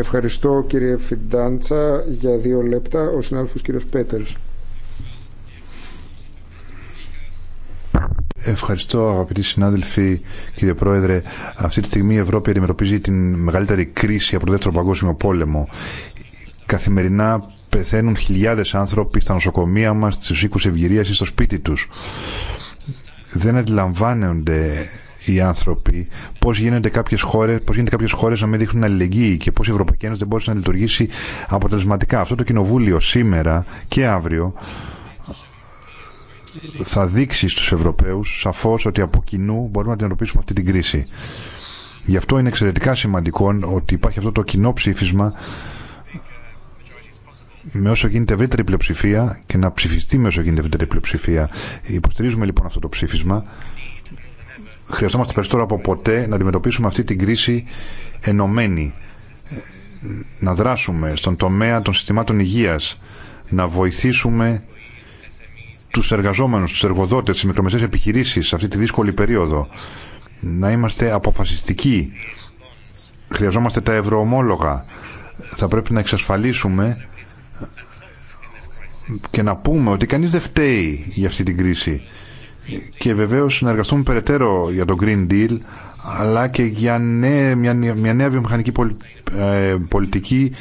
Ευχαριστώ κύριε Φιντάντσα για δύο λεπτά. Ο συνάδελφος κύριος Πέτερς. Ευχαριστώ αγαπητοί συνάδελφοι, κύριε Πρόεδρε. Αυτή τη στιγμή η Ευρώπη αντιμετωπίζει την μεγαλύτερη κρίση από το Δεύτερο Παγκόσμιο Πόλεμο. Καθημερινά πεθαίνουν χιλιάδες άνθρωποι στα νοσοκομεία μας, στις οίκους ευγυρίας ή στο σπίτι τους. Δεν αντιλαμβάνονται οι άνθρωποι, πώ γίνεται κάποιε χώρε χώρες να μην δείχνουν αλληλεγγύη και πώ η Ευρωπαϊκή Ένωση δεν μπορούσε να λειτουργήσει αποτελεσματικά. Αυτό το κοινοβούλιο σήμερα και αύριο θα δείξει στους Ευρωπαίου σαφώ ότι από κοινού μπορούμε να αντιμετωπίσουμε αυτή την κρίση. Γι' αυτό είναι εξαιρετικά σημαντικό ότι υπάρχει αυτό το κοινό ψήφισμα με όσο γίνεται ευρύτερη πλειοψηφία και να ψηφιστεί με όσο γίνεται ευρύτερη πλειοψηφία. Υποστηρίζουμε λοιπόν αυτό το ψήφισμα χρειαζόμαστε περισσότερο από ποτέ να αντιμετωπίσουμε αυτή την κρίση ενωμένη. Να δράσουμε στον τομέα των συστημάτων υγείας, να βοηθήσουμε τους εργαζόμενους, τους εργοδότες, τις μικρομεσαίες επιχειρήσεις σε αυτή τη δύσκολη περίοδο. Να είμαστε αποφασιστικοί. Χρειαζόμαστε τα ευρωομόλογα. Θα πρέπει να εξασφαλίσουμε και να πούμε ότι κανείς δεν φταίει για αυτή την κρίση και βεβαίως συνεργαστούμε περαιτέρω για το Green Deal αλλά και για μια, μια νέα βιομηχανική ε, πολιτική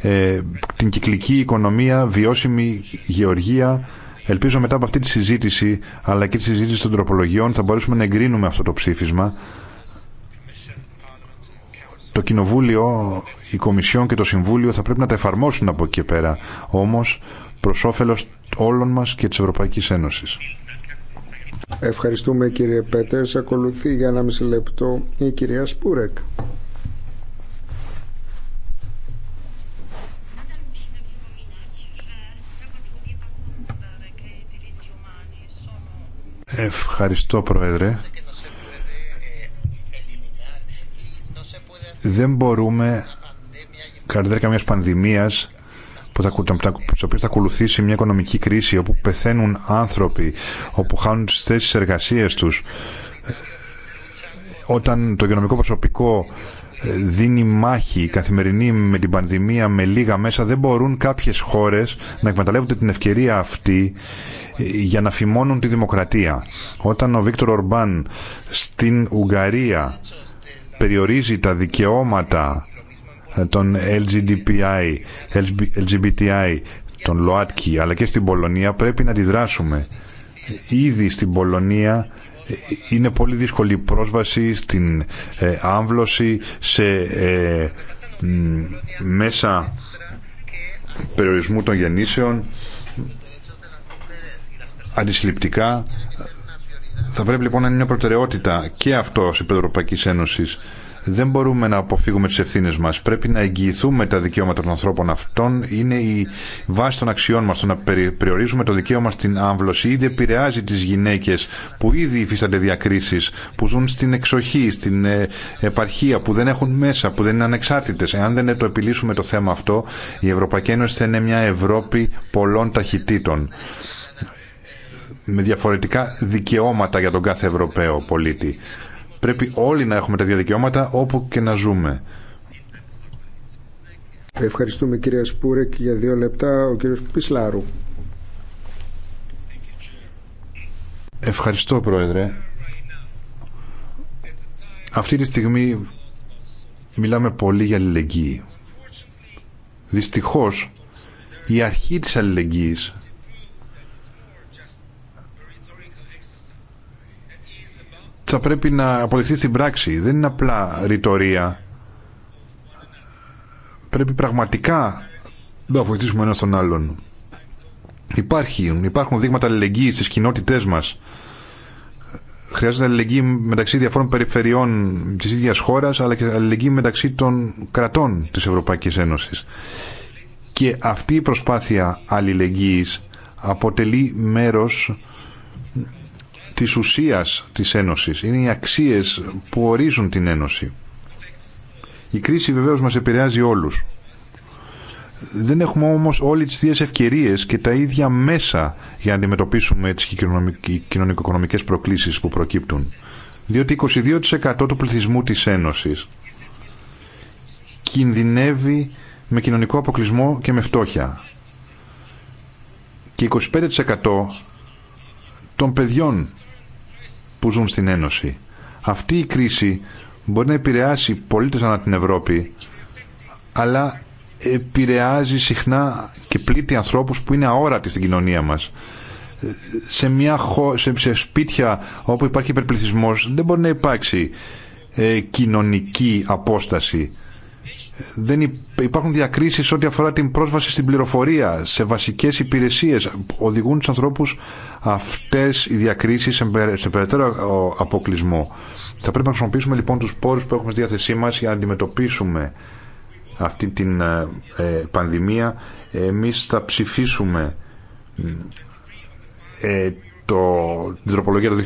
ε, την κυκλική οικονομία, βιώσιμη γεωργία ελπίζω μετά από αυτή τη συζήτηση αλλά και τη συζήτηση των τροπολογιών θα μπορέσουμε να εγκρίνουμε αυτό το ψήφισμα το Κοινοβούλιο, η Κομισιόν και το Συμβούλιο θα πρέπει να τα εφαρμόσουν από εκεί πέρα όμως προς όφελος όλων μας και της Ευρωπαϊκής Ένωσης. Ευχαριστούμε κύριε Πέτερς. Ακολουθεί για ένα μισή λεπτό η κυρία Σπούρεκ. Ευχαριστώ Πρόεδρε. Δεν μπορούμε καρδερκα μια πανδημίας που θα, θα ακολουθήσει μια οικονομική κρίση, όπου πεθαίνουν άνθρωποι, όπου χάνουν τις θέσεις εργασίας τους, ε, όταν το οικονομικό προσωπικό ε, δίνει μάχη καθημερινή με την πανδημία με λίγα μέσα δεν μπορούν κάποιες χώρες να εκμεταλλεύονται την ευκαιρία αυτή ε, για να φημώνουν τη δημοκρατία. Όταν ο Βίκτορ Ορμπάν στην Ουγγαρία περιορίζει τα δικαιώματα ε, των LGDPI, LGBTI, των ΛΟΑΤΚΙ, αλλά και στην Πολωνία πρέπει να αντιδράσουμε. Ήδη στην Πολωνία ε, είναι πολύ δύσκολη πρόσβαση στην ε, άμβλωση σε ε, μέσα περιορισμού των γεννήσεων αντισυλληπτικά θα πρέπει λοιπόν να είναι μια προτεραιότητα και αυτό τη Ευρωπαϊκή Ένωση δεν μπορούμε να αποφύγουμε τις ευθύνες μας. Πρέπει να εγγυηθούμε τα δικαιώματα των ανθρώπων αυτών. Είναι η βάση των αξιών μας το να περιορίζουμε το δικαίωμα στην άμβλωση. Ήδη επηρεάζει τις γυναίκες που ήδη υφίστανται διακρίσεις, που ζουν στην εξοχή, στην ε, επαρχία, που δεν έχουν μέσα, που δεν είναι ανεξάρτητες. Εάν δεν το επιλύσουμε το θέμα αυτό, η Ευρωπαϊκή Ένωση θα είναι μια Ευρώπη πολλών ταχυτήτων με διαφορετικά δικαιώματα για τον κάθε Ευρωπαίο πολίτη. Πρέπει όλοι να έχουμε τα ίδια δικαιώματα όπου και να ζούμε. Ευχαριστούμε κυρία και για δύο λεπτά. Ο κύριος Πισλάρου. Ευχαριστώ πρόεδρε. Αυτή τη στιγμή μιλάμε πολύ για αλληλεγγύη. Δυστυχώς η αρχή της αλληλεγγύης θα πρέπει να αποδειχθεί στην πράξη. Δεν είναι απλά ρητορία. Πρέπει πραγματικά να βοηθήσουμε ένα τον άλλον. Υπάρχουν, υπάρχουν δείγματα αλληλεγγύη στι κοινότητε μας. Χρειάζεται αλληλεγγύη μεταξύ διαφόρων περιφερειών τη ίδια χώρα, αλλά και αλληλεγγύη μεταξύ των κρατών της Ευρωπαϊκής Ένωσης. Και αυτή η προσπάθεια αλληλεγγύη αποτελεί μέρος της ουσίας της Ένωσης. Είναι οι αξίες που ορίζουν την Ένωση. Η κρίση βεβαίως μας επηρεάζει όλους. Δεν έχουμε όμως όλοι τις ίδιες ευκαιρίες και τα ίδια μέσα για να αντιμετωπίσουμε τις κοινωνικο-οικονομικές προκλήσεις που προκύπτουν. Διότι 22% του πληθυσμού της Ένωσης κινδυνεύει με κοινωνικό αποκλεισμό και με φτώχεια. Και 25% των παιδιών που ζουν στην Ένωση. Αυτή η κρίση μπορεί να επηρεάσει πολίτες ανά την Ευρώπη, αλλά επηρεάζει συχνά και πλήττει ανθρώπους που είναι αόρατοι στην κοινωνία μας. Σε, μια σε, σε σπίτια όπου υπάρχει υπερπληθυσμός δεν μπορεί να υπάρξει ε, κοινωνική απόσταση δεν υπάρχουν διακρίσεις ό,τι αφορά την πρόσβαση στην πληροφορία, σε βασικές υπηρεσίες. Οδηγούν τους ανθρώπους αυτές οι διακρίσεις σε περαιτέρω αποκλεισμό. Θα πρέπει να χρησιμοποιήσουμε λοιπόν τους πόρους που έχουμε στη διάθεσή μας για να αντιμετωπίσουμε αυτή την ε, ε, πανδημία. Εμείς θα ψηφίσουμε ε, το, την τροπολογία του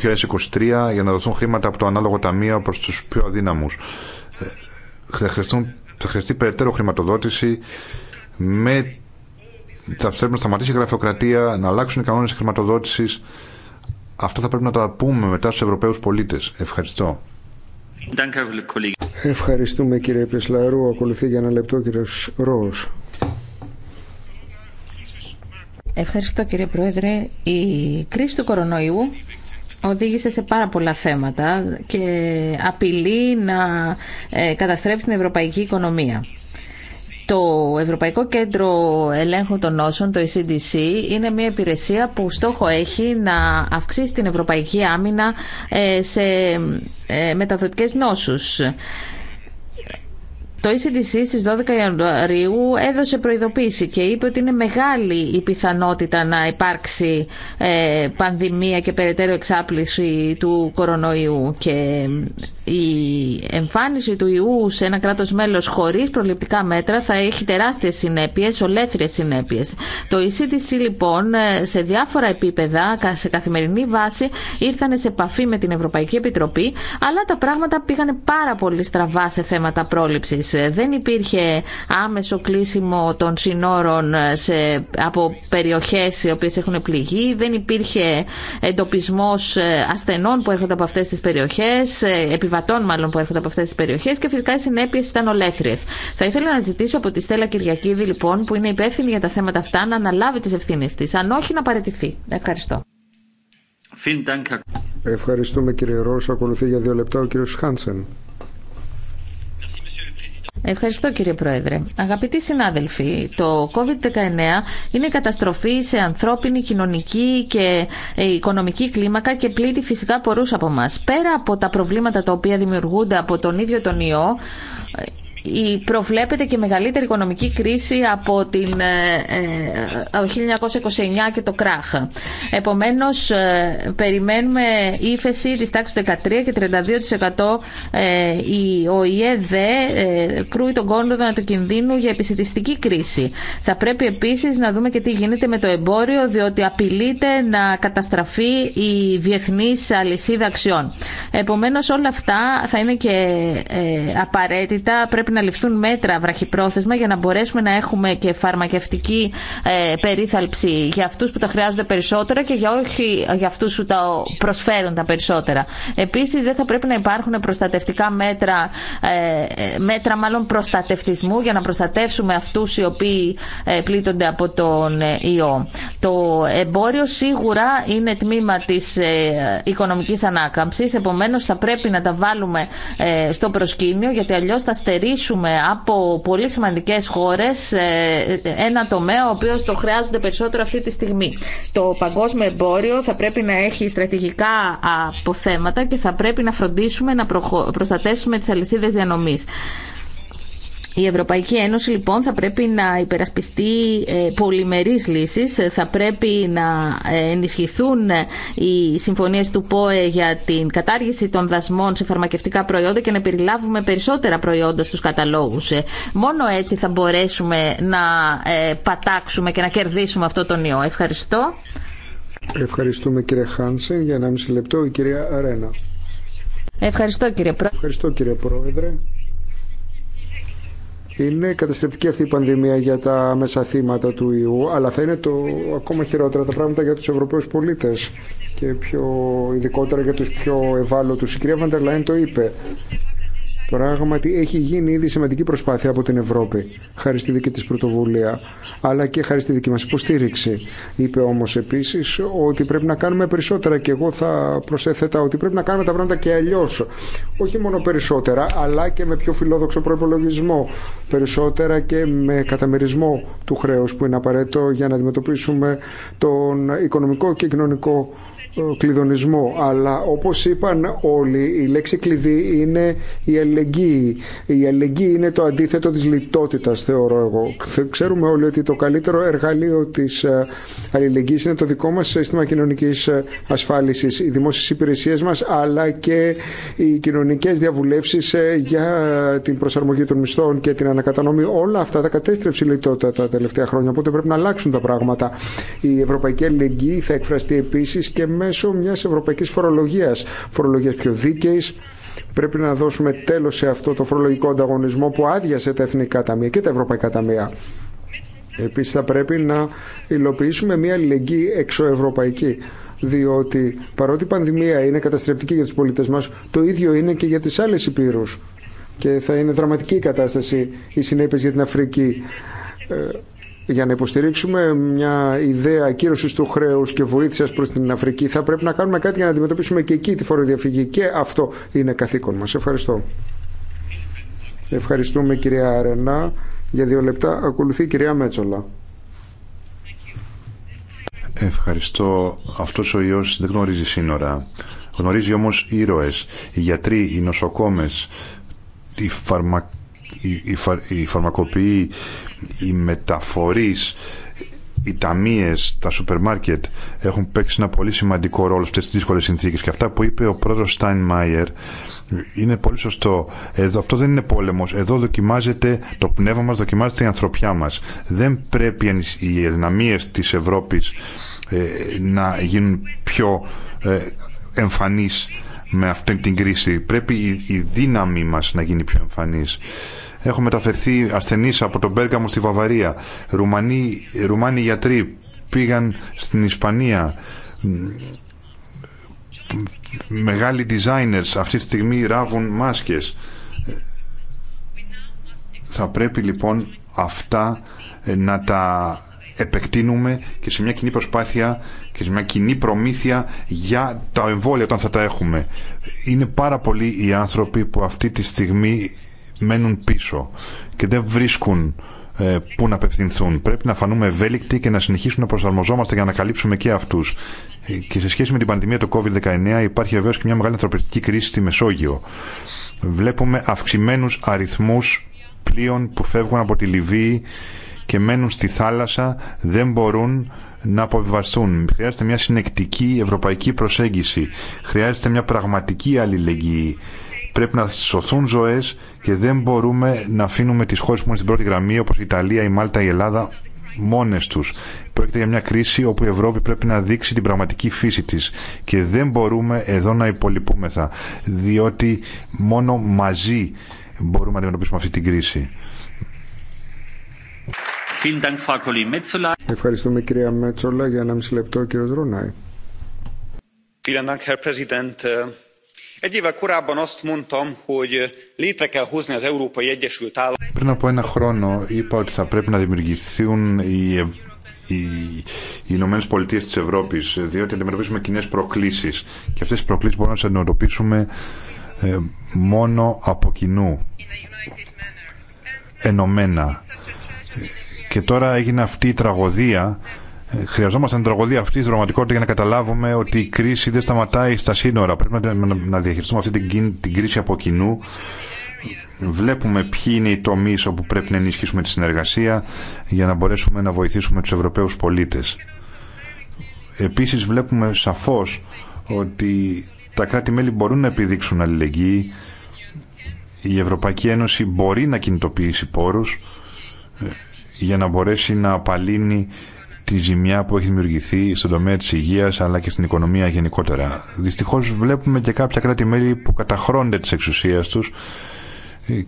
2023 για να δοθούν χρήματα από το ανάλογο ταμείο προς τους πιο αδύναμους. Ε, θα χρειαστούν θα χρειαστεί περαιτέρω χρηματοδότηση με θα πρέπει να σταματήσει η γραφειοκρατία, να αλλάξουν οι κανόνες χρηματοδότησης. Αυτό θα πρέπει να τα πούμε μετά στου Ευρωπαίου πολίτε. Ευχαριστώ. Ευχαριστούμε κύριε Πεσλαρού. Ακολουθεί για ένα λεπτό κύριο Ρόος. Ευχαριστώ κύριε Πρόεδρε. Η κρίση του κορονοϊού οδήγησε σε πάρα πολλά θέματα και απειλεί να ε, καταστρέψει την ευρωπαϊκή οικονομία. Το Ευρωπαϊκό Κέντρο Ελέγχου των Νόσων, το ECDC, είναι μια υπηρεσία που στόχο έχει να αυξήσει την ευρωπαϊκή άμυνα ε, σε ε, μεταδοτικές νόσους. Το ECDC στις 12 Ιανουαρίου έδωσε προειδοποίηση και είπε ότι είναι μεγάλη η πιθανότητα να υπάρξει ε, πανδημία και περαιτέρω εξάπλυση του κορονοϊού και η εμφάνιση του ιού σε ένα κράτος μέλος χωρίς προληπτικά μέτρα θα έχει τεράστιες συνέπειες, ολέθριες συνέπειες. Το ECDC λοιπόν σε διάφορα επίπεδα, σε καθημερινή βάση ήρθαν σε επαφή με την Ευρωπαϊκή Επιτροπή αλλά τα πράγματα πήγαν πάρα πολύ στραβά σε θέματα πρόληψης. Δεν υπήρχε άμεσο κλείσιμο των συνόρων σε, από περιοχές οι οποίες έχουν πληγεί, δεν υπήρχε εντοπισμός ε, ασθενών που έρχονται από αυτές τις περιοχές, ε, επιβατών μάλλον που έρχονται από αυτέ τι περιοχέ και φυσικά οι συνέπειε ήταν ολέθριε. Θα ήθελα να ζητήσω από τη Στέλλα Κυριακίδη, λοιπόν, που είναι υπεύθυνη για τα θέματα αυτά, να αναλάβει τι ευθύνε τη, αν όχι να παραιτηθεί. Ευχαριστώ. Ευχαριστούμε κύριε Ρώσο. Ακολουθεί για δύο λεπτά ο κύριος Χάνσεν. Ευχαριστώ κύριε Πρόεδρε. Αγαπητοί συνάδελφοι, το COVID-19 είναι καταστροφή σε ανθρώπινη, κοινωνική και ε, οικονομική κλίμακα και πλήττει φυσικά πορούς από μας. Πέρα από τα προβλήματα τα οποία δημιουργούνται από τον ίδιο τον ιό, προβλέπεται και μεγαλύτερη οικονομική κρίση από την 1929 ε, ε, ε, και το κράχ. Επομένως, περιμένουμε ύφεση της τάξης 13 και 32% ο ΙΕΔ κρούει τον να του κινδύνου για επισητιστική κρίση. Θα πρέπει επίσης να δούμε και τι γίνεται με το εμπόριο, διότι απειλείται να καταστραφεί η διεθνής αλυσίδα αξιών. Επομένως, όλα αυτά θα είναι και απαραίτητα. Πρέπει να ληφθούν μέτρα βραχυπρόθεσμα για να μπορέσουμε να έχουμε και φαρμακευτική ε, περίθαλψη για αυτούς που τα χρειάζονται περισσότερα και για όχι για αυτούς που τα προσφέρουν τα περισσότερα. Επίσης δεν θα πρέπει να υπάρχουν προστατευτικά μέτρα, ε, μέτρα μάλλον προστατευτισμού για να προστατεύσουμε αυτούς οι οποίοι ε, πλήττονται από τον ιό. Το εμπόριο σίγουρα είναι τμήμα της οικονομικής ανάκαμψης, επομένως θα πρέπει να τα βάλουμε στο προσκήνιο γιατί αλλιώς θα στερήσουμε ζητήσουμε από πολύ σημαντικές χώρες ε, ένα τομέα ο οποίος το χρειάζονται περισσότερο αυτή τη στιγμή. Στο παγκόσμιο εμπόριο θα πρέπει να έχει στρατηγικά αποθέματα και θα πρέπει να φροντίσουμε να προστατεύσουμε τις αλυσίδες διανομής. Η Ευρωπαϊκή Ένωση λοιπόν θα πρέπει να υπερασπιστεί ε, πολυμερείς λύσεις, θα πρέπει να ε, ενισχυθούν ε, οι συμφωνίες του ΠΟΕ για την κατάργηση των δασμών σε φαρμακευτικά προϊόντα και να περιλάβουμε περισσότερα προϊόντα στους καταλόγους. Ε, μόνο έτσι θα μπορέσουμε να πατάξουμε και να κερδίσουμε αυτό τον ιό. Ευχαριστώ. Ευχαριστούμε κύριε Χάνσεν. Για ένα μισή λεπτό η κυρία Αρένα. Ευχαριστώ κύριε Ευχαριστώ κύριε Πρόεδρε. Είναι καταστρεπτική αυτή η πανδημία για τα μέσα θύματα του ιού, αλλά θα είναι το ακόμα χειρότερα τα πράγματα για τους Ευρωπαίους πολίτες και πιο ειδικότερα για τους πιο ευάλωτους. Η κυρία Βαντερλάιν το είπε. Πράγματι έχει γίνει ήδη σημαντική προσπάθεια από την Ευρώπη, χάρη στη δική της πρωτοβουλία, αλλά και χάρη στη δική μας υποστήριξη. Είπε όμως επίσης ότι πρέπει να κάνουμε περισσότερα και εγώ θα προσέθετα ότι πρέπει να κάνουμε τα πράγματα και αλλιώ, Όχι μόνο περισσότερα, αλλά και με πιο φιλόδοξο προπολογισμό, περισσότερα και με καταμερισμό του χρέους που είναι απαραίτητο για να αντιμετωπίσουμε τον οικονομικό και κοινωνικό κλειδονισμό. Αλλά όπως είπαν όλοι, η λέξη κλειδί είναι η αλληλεγγύη. Η αλληλεγγύη είναι το αντίθετο της λιτότητας, θεωρώ εγώ. Ξέρουμε όλοι ότι το καλύτερο εργαλείο της ε, αλληλεγγύης είναι το δικό μας σύστημα κοινωνικής ε, ασφάλισης, οι δημόσιες υπηρεσίες μας, αλλά και οι κοινωνικές διαβουλεύσεις ε, για την προσαρμογή των μισθών και την ανακατανομή. Όλα αυτά τα κατέστρεψε η λιτότητα τα τελευταία χρόνια, οπότε πρέπει να αλλάξουν τα πράγματα. Η Ευρωπαϊκή Αλληλεγγύη θα εκφραστεί επίσης και με μέσω μιας ευρωπαϊκής φορολογίας, φορολογίας πιο δίκαιης, Πρέπει να δώσουμε τέλος σε αυτό το φορολογικό ανταγωνισμό που άδειασε τα εθνικά ταμεία και τα ευρωπαϊκά ταμεία. Επίσης θα πρέπει να υλοποιήσουμε μια αλληλεγγύη εξωευρωπαϊκή διότι παρότι η πανδημία είναι καταστρεπτική για τους πολίτες μας το ίδιο είναι και για τις άλλες υπήρους και θα είναι δραματική η κατάσταση οι συνέπειες για την Αφρική ε, για να υποστηρίξουμε μια ιδέα ακύρωση του χρέου και βοήθειας προς την Αφρική θα πρέπει να κάνουμε κάτι για να αντιμετωπίσουμε και εκεί τη φοροδιαφυγή και αυτό είναι καθήκον μας. Ευχαριστώ. Ευχαριστούμε κυρία Αρενά. Για δύο λεπτά ακολουθεί η κυρία Μέτσολα. Ευχαριστώ. Αυτός ο ιό δεν γνωρίζει σύνορα. Γνωρίζει όμω ήρωε, οι γιατροί, οι νοσοκόμε οι φαρμακοί οι, φα, οι φαρμακοποιοί, οι μεταφορείς, οι ταμείες, τα σούπερ μάρκετ έχουν παίξει ένα πολύ σημαντικό ρόλο στι δύσκολες συνθήκες και αυτά που είπε ο πρόεδρος Μάιερ είναι πολύ σωστό. Εδώ, αυτό δεν είναι πόλεμος. Εδώ δοκιμάζεται το πνεύμα μας, δοκιμάζεται η ανθρωπιά μας. Δεν πρέπει οι δυναμίες της Ευρώπης ε, να γίνουν πιο ε, εμφανείς με αυτή την κρίση. Πρέπει η, η δύναμη μας να γίνει πιο εμφανής. Έχουν μεταφερθεί ασθενεί από τον Πέργαμο στη Βαβαρία. Ρουμανοί, Ρουμάνοι γιατροί πήγαν στην Ισπανία. Μεγάλοι designers αυτή τη στιγμή ράβουν μάσκες. Θα πρέπει λοιπόν αυτά ε, να τα επεκτείνουμε και σε μια κοινή προσπάθεια και σε μια κοινή προμήθεια για τα εμβόλια όταν θα τα έχουμε. Είναι πάρα πολλοί οι άνθρωποι που αυτή τη στιγμή μένουν πίσω και δεν βρίσκουν ε, πού να απευθυνθούν. Πρέπει να φανούμε ευέλικτοι και να συνεχίσουμε να προσαρμοζόμαστε για να καλύψουμε και αυτού. Ε, και σε σχέση με την πανδημία του COVID-19 υπάρχει βεβαίω και μια μεγάλη ανθρωπιστική κρίση στη Μεσόγειο. Βλέπουμε αυξημένου αριθμού πλοίων που φεύγουν από τη Λιβύη και μένουν στη θάλασσα, δεν μπορούν να αποβιβαστούν. Χρειάζεται μια συνεκτική ευρωπαϊκή προσέγγιση. Χρειάζεται μια πραγματική αλληλεγγύη. Πρέπει να σωθούν ζωέ και δεν μπορούμε να αφήνουμε τι χώρε που είναι στην πρώτη γραμμή, όπω η Ιταλία, η Μάλτα, η Ελλάδα, μόνε του. Πρόκειται για μια κρίση όπου η Ευρώπη πρέπει να δείξει την πραγματική φύση τη. Και δεν μπορούμε εδώ να υπολοιπούμεθα, διότι μόνο μαζί μπορούμε να αντιμετωπίσουμε αυτή την κρίση. Ευχαριστούμε κυρία Μέτσολα για ένα μισή λεπτό κύριο Präsident. Πριν από ένα χρόνο είπα ότι θα πρέπει να δημιουργηθούν οι, οι, οι Ηνωμένε Πολιτείε τη Ευρώπη, διότι αντιμετωπίζουμε κοινέ προκλήσει. Και αυτέ τι προκλήσει μπορούμε να τι αντιμετωπίσουμε ε, μόνο από κοινού. Ενωμένα. Και τώρα έγινε αυτή η τραγωδία ε, Χρειαζόμαστε την τραγωδία αυτή τη δραματικότητα για να καταλάβουμε ότι η κρίση δεν σταματάει στα σύνορα. Πρέπει να διαχειριστούμε αυτή την κρίση από κοινού. Βλέπουμε ποιοι είναι οι τομεί όπου πρέπει να ενισχύσουμε τη συνεργασία για να μπορέσουμε να βοηθήσουμε του Ευρωπαίου πολίτε. Επίση, βλέπουμε σαφώ ότι τα κράτη-μέλη μπορούν να επιδείξουν αλληλεγγύη. Η Ευρωπαϊκή Ένωση μπορεί να κινητοποιήσει πόρους ε, για να μπορέσει να απαλύνει τη ζημιά που έχει δημιουργηθεί στον τομέα της υγείας αλλά και στην οικονομία γενικότερα. Δυστυχώς βλέπουμε και κάποια κράτη-μέλη που καταχρώνται της εξουσίας τους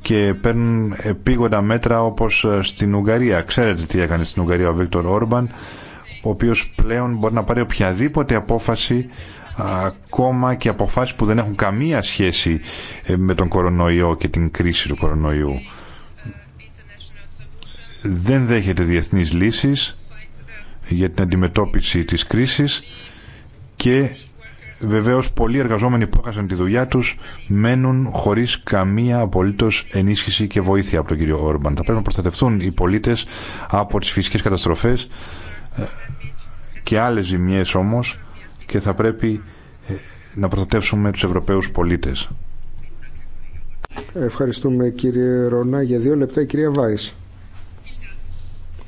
και παίρνουν επίγοντα μέτρα όπως στην Ουγγαρία. Ξέρετε τι έκανε στην Ουγγαρία ο Βίκτορ Όρμπαν, ο οποίος πλέον μπορεί να πάρει οποιαδήποτε απόφαση ακόμα και αποφάσεις που δεν έχουν καμία σχέση ε, με τον κορονοϊό και την κρίση του κορονοϊού. Δεν δέχεται διεθνείς λύσεις για την αντιμετώπιση της κρίσης και βεβαίως πολλοί εργαζόμενοι που έχασαν τη δουλειά τους μένουν χωρίς καμία απολύτως ενίσχυση και βοήθεια από τον κύριο Όρμπαν. Θα πρέπει να προστατευτούν οι πολίτες από τις φυσικές καταστροφές ε, και άλλες ζημιές όμως και θα πρέπει ε, να προστατεύσουμε τους Ευρωπαίους πολίτες. Ευχαριστούμε κύριε Ρονά. Για δύο λεπτά η κυρία Βάης.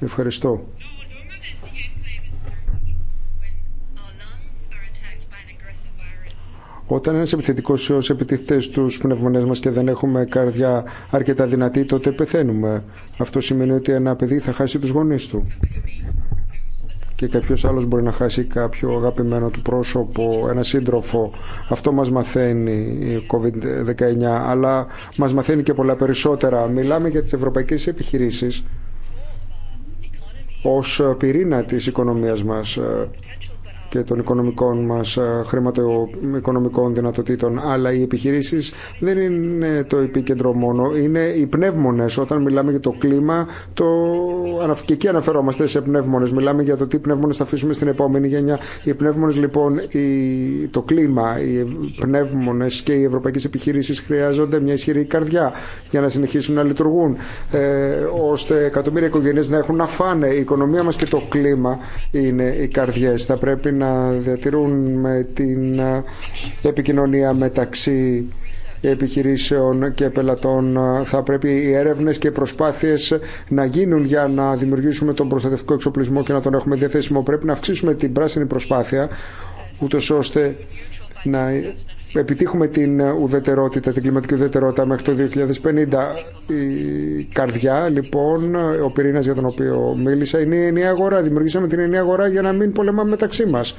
Ευχαριστώ. Όταν ένα επιθετικό ιό επιτίθεται στου πνευμονέ μα και δεν έχουμε καρδιά αρκετά δυνατή, τότε πεθαίνουμε. Αυτό σημαίνει ότι ένα παιδί θα χάσει του γονεί του. Και κάποιο άλλο μπορεί να χάσει κάποιο αγαπημένο του πρόσωπο, ένα σύντροφο. Αυτό μα μαθαίνει η COVID-19, αλλά μα μαθαίνει και πολλά περισσότερα. Μιλάμε για τι ευρωπαϊκέ επιχειρήσει ω πυρήνα τη οικονομία μα και των οικονομικών μας ε, χρηματοοικονομικών δυνατοτήτων αλλά οι επιχειρήσεις δεν είναι το επίκεντρο μόνο είναι οι πνεύμονες όταν μιλάμε για το κλίμα το... και εκεί αναφερόμαστε σε πνεύμονες μιλάμε για το τι πνεύμονες θα αφήσουμε στην επόμενη γενιά οι πνεύμονες λοιπόν το κλίμα οι πνεύμονες και οι ευρωπαϊκές επιχειρήσεις χρειάζονται μια ισχυρή καρδιά για να συνεχίσουν να λειτουργούν ε, ώστε εκατομμύρια οικογένειες να έχουν να φάνε η οικονομία μας και το κλίμα είναι οι καρδιές θα πρέπει να διατηρούν με την ε, επικοινωνία μεταξύ επιχειρήσεων και πελατών. Θα πρέπει οι έρευνες και οι προσπάθειες να γίνουν για να δημιουργήσουμε τον προστατευτικό εξοπλισμό και να τον έχουμε διαθέσιμο. Πρέπει να αυξήσουμε την πράσινη προσπάθεια ούτως ώστε να επιτύχουμε την ουδετερότητα, την κλιματική ουδετερότητα μέχρι το 2050. Η καρδιά, λοιπόν, ο πυρήνα για τον οποίο μίλησα, είναι η ενιαία αγορά. Δημιουργήσαμε την ενιαία αγορά για να μην πολεμάμε μεταξύ μας.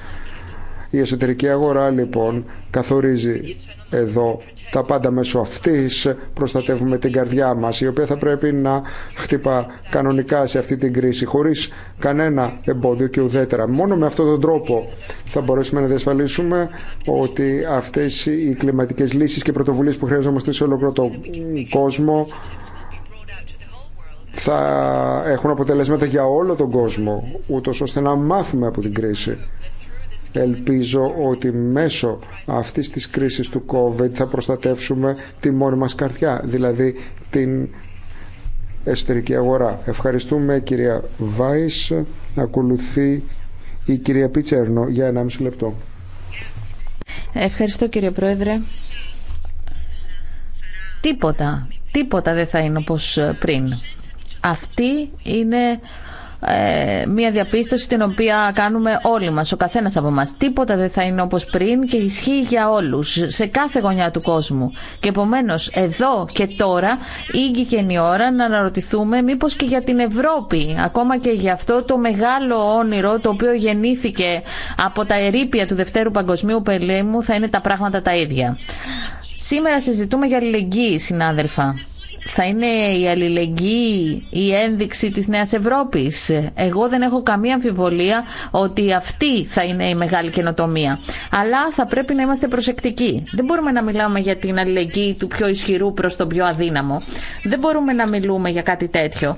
Η εσωτερική αγορά λοιπόν καθορίζει εδώ τα πάντα μέσω αυτής προστατεύουμε την καρδιά μας η οποία θα πρέπει να χτυπά κανονικά σε αυτή την κρίση χωρίς κανένα εμπόδιο και ουδέτερα. Μόνο με αυτόν τον τρόπο θα μπορέσουμε να διασφαλίσουμε ότι αυτές οι κλιματικές λύσεις και πρωτοβουλίες που χρειαζόμαστε σε ολόκληρο τον κόσμο θα έχουν αποτελέσματα για όλο τον κόσμο ούτως ώστε να μάθουμε από την κρίση Ελπίζω ότι μέσω αυτής της κρίσης του COVID θα προστατεύσουμε τη μόνη μας καρδιά, δηλαδή την εσωτερική αγορά. Ευχαριστούμε κυρία Βάης. Ακολουθεί η κυρία Πιτσέρνο για 1,5 λεπτό. Ευχαριστώ κύριε Πρόεδρε. Τίποτα, τίποτα δεν θα είναι όπως πριν. Αυτή είναι ε, μια διαπίστωση την οποία κάνουμε όλοι μας, ο καθένας από μας. Τίποτα δεν θα είναι όπως πριν και ισχύει για όλους, σε κάθε γωνιά του κόσμου. Και επομένως εδώ και τώρα ήγηκε και η ώρα να αναρωτηθούμε μήπως και για την Ευρώπη, ακόμα και για αυτό το μεγάλο όνειρο το οποίο γεννήθηκε από τα ερήπια του Δευτέρου Παγκοσμίου Πελέμου θα είναι τα πράγματα τα ίδια. Σήμερα συζητούμε για αλληλεγγύη, συνάδελφα θα είναι η αλληλεγγύη, η ένδειξη της Νέας Ευρώπης. Εγώ δεν έχω καμία αμφιβολία ότι αυτή θα είναι η μεγάλη καινοτομία. Αλλά θα πρέπει να είμαστε προσεκτικοί. Δεν μπορούμε να μιλάμε για την αλληλεγγύη του πιο ισχυρού προς τον πιο αδύναμο. Δεν μπορούμε να μιλούμε για κάτι τέτοιο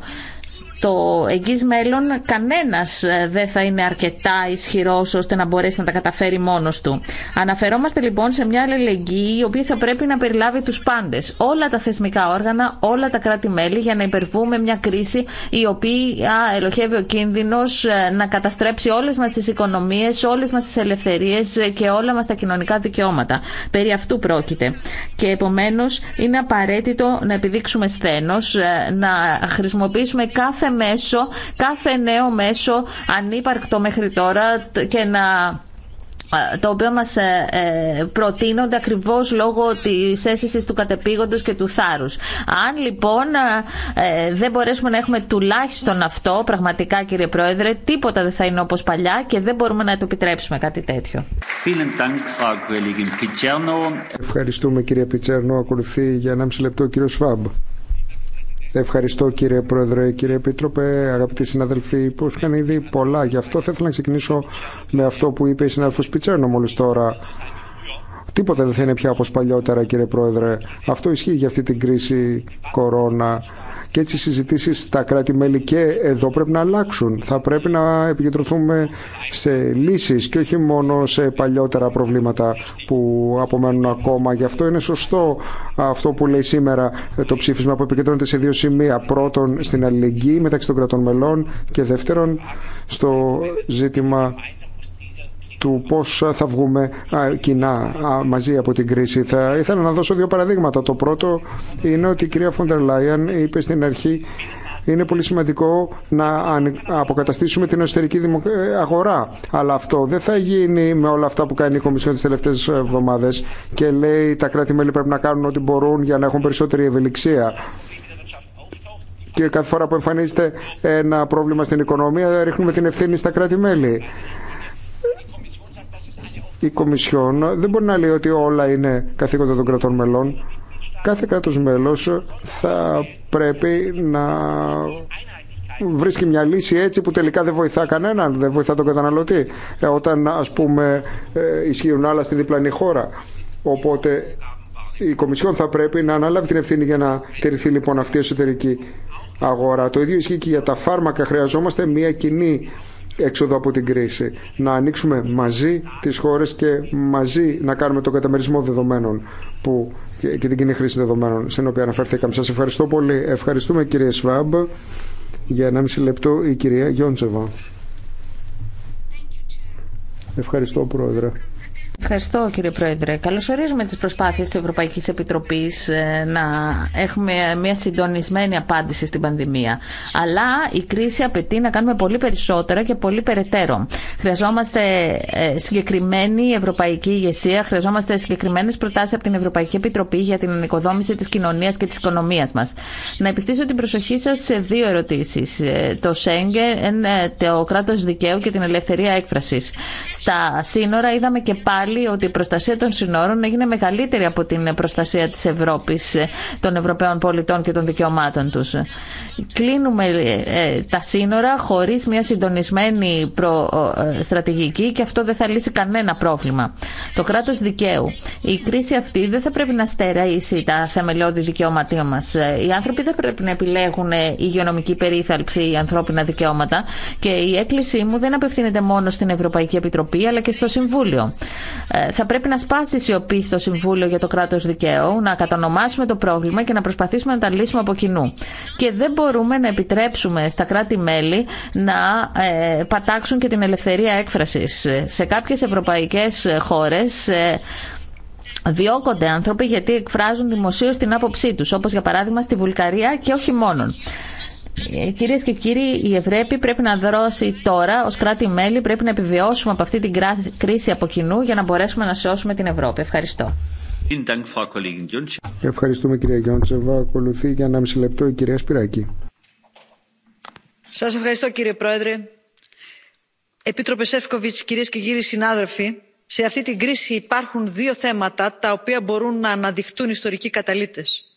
στο εγγύς μέλλον κανένας ε, δεν θα είναι αρκετά ισχυρός ώστε να μπορέσει να τα καταφέρει μόνος του. Αναφερόμαστε λοιπόν σε μια αλληλεγγύη η οποία θα πρέπει να περιλάβει τους πάντες. Όλα τα θεσμικά όργανα, όλα τα κράτη-μέλη για να υπερβούμε μια κρίση η οποία ελοχεύει ο κίνδυνος ε, να καταστρέψει όλες μας τις οικονομίες, όλες μας τις ελευθερίες ε, και όλα μας τα κοινωνικά δικαιώματα. Περί αυτού πρόκειται. Και επομένως είναι απαραίτητο να επιδείξουμε σθένος, να χρησιμοποιήσουμε κάθε μέσο, κάθε νέο μέσο ανύπαρκτο μέχρι τώρα και να το οποίο μας ε, ε, προτείνονται ακριβώς λόγω της αίσθηση του κατεπήγοντος και του θάρρους. Αν λοιπόν ε, δεν μπορέσουμε να έχουμε τουλάχιστον αυτό, πραγματικά κύριε Πρόεδρε, τίποτα δεν θα είναι όπως παλιά και δεν μπορούμε να το επιτρέψουμε κάτι τέτοιο. Ευχαριστούμε κύριε Πιτσέρνο. Ακολουθεί για 1,5 λεπτό ο κύριος Φάμπ. Ευχαριστώ κύριε Πρόεδρε, κύριε Επίτροπε, αγαπητοί συναδελφοί που είχαν ήδη πολλά. Γι' αυτό θα ήθελα να ξεκινήσω με αυτό που είπε η συνάδελφος Πιτσέρνο μόλις τώρα Τίποτα δεν θα είναι πια όπως παλιότερα κύριε Πρόεδρε. Αυτό ισχύει για αυτή την κρίση κορώνα. Και έτσι οι συζητήσεις στα κράτη-μέλη και εδώ πρέπει να αλλάξουν. Θα πρέπει να επικεντρωθούμε σε λύσεις και όχι μόνο σε παλιότερα προβλήματα που απομένουν ακόμα. Γι' αυτό είναι σωστό αυτό που λέει σήμερα το ψήφισμα που επικεντρώνεται σε δύο σημεία. Πρώτον, στην αλληλεγγύη μεταξύ των κρατών μελών και δεύτερον, στο ζήτημα του πώς θα βγούμε κοινά μαζί από την κρίση. Θα ήθελα να δώσω δύο παραδείγματα. Το πρώτο είναι ότι η κυρία Φοντερ Λάιαν είπε στην αρχή είναι πολύ σημαντικό να αποκαταστήσουμε την εσωτερική ε, αγορά. Αλλά αυτό δεν θα γίνει με όλα αυτά που κάνει η Κομισιόν τι τελευταίε εβδομάδε και λέει τα κράτη-μέλη πρέπει να κάνουν ό,τι μπορούν για να έχουν περισσότερη ευελιξία. Και κάθε φορά που εμφανίζεται ένα πρόβλημα στην οικονομία, ρίχνουμε την ευθύνη στα κράτη-μέλη η Κομισιόν δεν μπορεί να λέει ότι όλα είναι καθήκοντα των κρατών μελών. Κάθε κράτος μέλος θα πρέπει να βρίσκει μια λύση έτσι που τελικά δεν βοηθά κανέναν, δεν βοηθά τον καταναλωτή. Ε, όταν ας πούμε ε, ισχύουν άλλα στη διπλανή χώρα. Οπότε η Κομισιόν θα πρέπει να αναλάβει την ευθύνη για να τηρηθεί λοιπόν αυτή η εσωτερική αγορά. Το ίδιο ισχύει και για τα φάρμακα. Χρειαζόμαστε μια κοινή έξοδο από την κρίση. Να ανοίξουμε μαζί τις χώρες και μαζί να κάνουμε τον καταμερισμό δεδομένων που, και την κοινή χρήση δεδομένων στην οποία αναφερθήκαμε. Σας ευχαριστώ πολύ. Ευχαριστούμε κύριε Σβάμπ. Για 1,5 λεπτό η κυρία Γιόντσεβα. Ευχαριστώ πρόεδρε. Ευχαριστώ κύριε Πρόεδρε. Καλωσορίζουμε τις προσπάθειες της Ευρωπαϊκής Επιτροπής ε, να έχουμε μια συντονισμένη απάντηση στην πανδημία. Αλλά η κρίση απαιτεί να κάνουμε πολύ περισσότερα και πολύ περαιτέρω. Χρειαζόμαστε ε, συγκεκριμένη ευρωπαϊκή ηγεσία, χρειαζόμαστε συγκεκριμένες προτάσεις από την Ευρωπαϊκή Επιτροπή για την ανοικοδόμηση της κοινωνίας και της οικονομίας μας. Να επιστήσω την προσοχή σας σε δύο ερωτήσεις. Ε, το Σέγγεν, το κράτος δικαίου και την ελευθερία έκφρασης. Στα σύνορα είδαμε και πάλι πάλι ότι η προστασία των συνόρων έγινε μεγαλύτερη από την προστασία της Ευρώπης των Ευρωπαίων πολιτών και των δικαιωμάτων τους. Κλείνουμε ε, τα σύνορα χωρίς μια συντονισμένη προ, ε, στρατηγική και αυτό δεν θα λύσει κανένα πρόβλημα. Το κράτος δικαίου. Η κρίση αυτή δεν θα πρέπει να στερεήσει τα θεμελιώδη δικαιώματά μας. Οι άνθρωποι δεν πρέπει να επιλέγουν ε, υγειονομική περίθαλψη ή ανθρώπινα δικαιώματα και η έκκλησή μου δεν απευθύνεται μόνο στην Ευρωπαϊκή Επιτροπή αλλά και στο Συμβούλιο. Ε, θα πρέπει να σπάσει η σιωπή στο Συμβούλιο για το κράτο δικαίου, να κατανομάσουμε το πρόβλημα και να προσπαθήσουμε να τα λύσουμε από κοινού. Και δεν μπορούμε να επιτρέψουμε στα κράτη-μέλη να ε, πατάξουν και την ελευθερία έκφραση. Σε κάποιε ευρωπαϊκέ χώρε. Ε, διώκονται άνθρωποι γιατί εκφράζουν δημοσίω την άποψή του, όπω για παράδειγμα στη Βουλγαρία και όχι μόνον. Ε, Κυρίε και κύριοι, η Ευρώπη πρέπει να δρώσει τώρα. Ω κράτη-μέλη πρέπει να επιβιώσουμε από αυτή την κρίση από κοινού για να μπορέσουμε να σώσουμε την Ευρώπη. Ευχαριστώ. Ευχαριστούμε κυρία Γιόντσεβα. Ακολουθεί για ένα μισή λεπτό η κυρία Σπυράκη. Σα ευχαριστώ κύριε Πρόεδρε. Επίτροπε Σεύκοβιτ, κύριε και κύριοι συνάδελφοι, σε αυτή την κρίση υπάρχουν δύο θέματα τα οποία μπορούν να αναδειχτούν ιστορικοί καταλήτες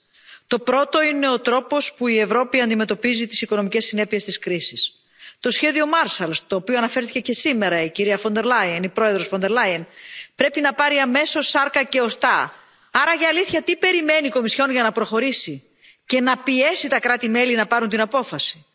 το πρώτο είναι ο τρόπος που η ευρώπη αντιμετωπίζει τις οικονομικές συνέπειες της κρίσης. το σχέδιο marshall στο οποίο αναφέρθηκε και σήμερα η κυρία φοντερ λάιεν η πρόεδρος φοντερ λάιεν πρέπει να πάρει αμέσως σάρκα και οστά. άρα για αλήθεια τι περιμένει η κομισιόν για να προχωρήσει και να πιέσει τα κράτη μέλη να πάρουν την απόφαση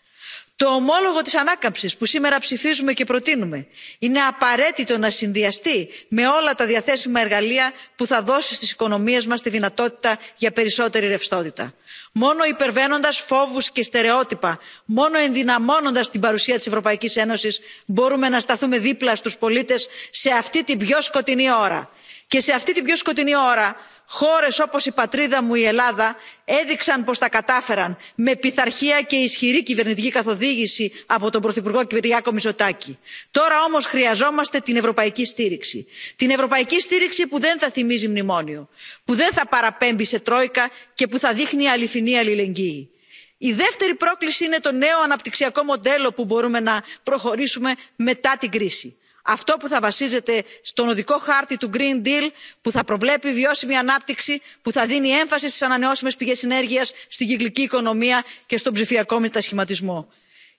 το ομόλογο της ανάκαμψης που σήμερα ψηφίζουμε και προτείνουμε είναι απαραίτητο να συνδυαστεί με όλα τα διαθέσιμα εργαλεία που θα δώσει στις οικονομίες μας τη δυνατότητα για περισσότερη ρευστότητα. μόνο υπερβαίνοντας φόβους και στερεότυπα μόνο ενδυναμώνοντας την παρουσία της ευρωπαϊκής ένωσης μπορούμε να σταθούμε δίπλα στους πολίτες σε αυτή την πιο σκοτεινή ώρα. και σε αυτή την πιο σκοτεινή ώρα χώρες όπως η πατρίδα μου η ελλάδα έδειξαν πως τα κατάφεραν με πειθαρχία και ισχυρή κυβερνητική καθοδήγηση από τον πρωθυπουργό κυριάκο μητσοτάκη. τώρα όμως χρειαζόμαστε την ευρωπαϊκή στήριξη την ευρωπαϊκή στήριξη που δεν θα θυμίζει μνημόνιο που δεν θα παραπέμπει σε τρόικα και που θα δείχνει αληθινή αλληλεγγύη. η δεύτερη πρόκληση είναι το νέο αναπτυξιακό μοντέλο που μπορούμε να προχωρήσουμε μετά την κρίση αυτό που θα βασίζεται στον οδικό χάρτη του green deal που θα προβλέπει βιώσιμη ανάπτυξη που θα δίνει έμφαση στις ανανεώσιμες πηγές ενέργειας στην κυκλική οικονομία και στον ψηφιακό μετασχηματισμό.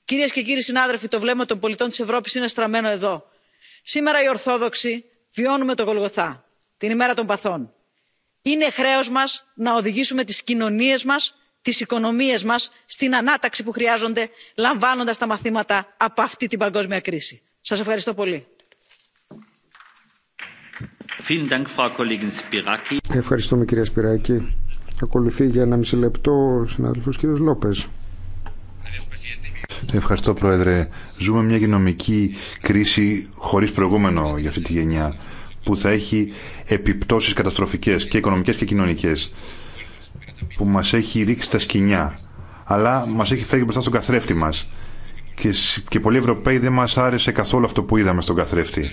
κυρίε και κύριοι συνάδελφοι το βλέμμα των πολιτών της ευρώπης είναι στραμμένο εδώ. σήμερα οι ορθόδοξοι βιώνουμε το γολγοθά την ημέρα των παθών. είναι χρέος μας να οδηγήσουμε τις κοινωνίες μας τις οικονομίες μας στην ανάταξη που χρειάζονται λαμβάνοντας τα μαθήματα από αυτή την παγκόσμια κρίση σας ευχαριστώ πολύ. Ευχαριστούμε κυρία Σπυράκη. Ακολουθεί για ένα μισή λεπτό ο συνάδελφος κύριος Λόπες. Ευχαριστώ Πρόεδρε. Ζούμε μια κοινωνική κρίση χωρίς προηγούμενο για αυτή τη γενιά που θα έχει επιπτώσεις καταστροφικές και οικονομικές και κοινωνικές που μας έχει ρίξει στα σκηνιά αλλά μας έχει φέρει μπροστά στον καθρέφτη μας και, και πολλοί Ευρωπαίοι δεν μας άρεσε καθόλου αυτό που είδαμε στον καθρέφτη.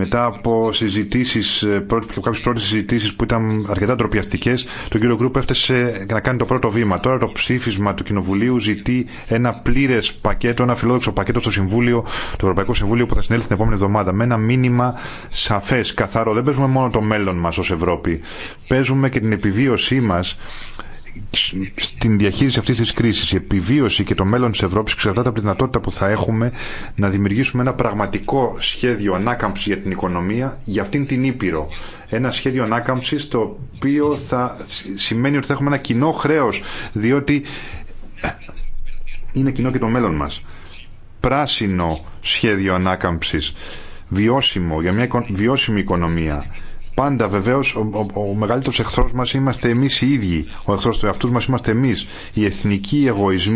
Μετά από συζητήσεις, ε, κάποιες πρώτες συζητήσεις που ήταν αρκετά ντροπιαστικέ, το κύριο Γκρουπ έφτασε να κάνει το πρώτο βήμα. Τώρα το ψήφισμα του Κοινοβουλίου ζητεί ένα πλήρες πακέτο, ένα φιλόδοξο πακέτο στο Συμβούλιο, το Ευρωπαϊκό Συμβούλιο που θα συνέλθει την επόμενη εβδομάδα. Με ένα μήνυμα σαφές, καθαρό. Δεν παίζουμε μόνο το μέλλον μας ως Ευρώπη. Παίζουμε και την επιβίωσή μας στην διαχείριση αυτή τη κρίση. Η επιβίωση και το μέλλον τη Ευρώπη εξαρτάται από τη δυνατότητα που θα έχουμε να δημιουργήσουμε ένα πραγματικό σχέδιο ανάκαμψη για την οικονομία, για αυτήν την Ήπειρο. Ένα σχέδιο ανάκαμψη το οποίο θα σημαίνει ότι θα έχουμε ένα κοινό χρέο, διότι είναι κοινό και το μέλλον μα. Πράσινο σχέδιο ανάκαμψη. Βιώσιμο, για μια βιώσιμη οικονομία Πάντα βεβαίω ο, ο, ο μεγαλύτερο εχθρό μα είμαστε εμεί οι ίδιοι. Ο εχθρό του εαυτού μα είμαστε εμεί. Οι εθνικοί εγωισμοί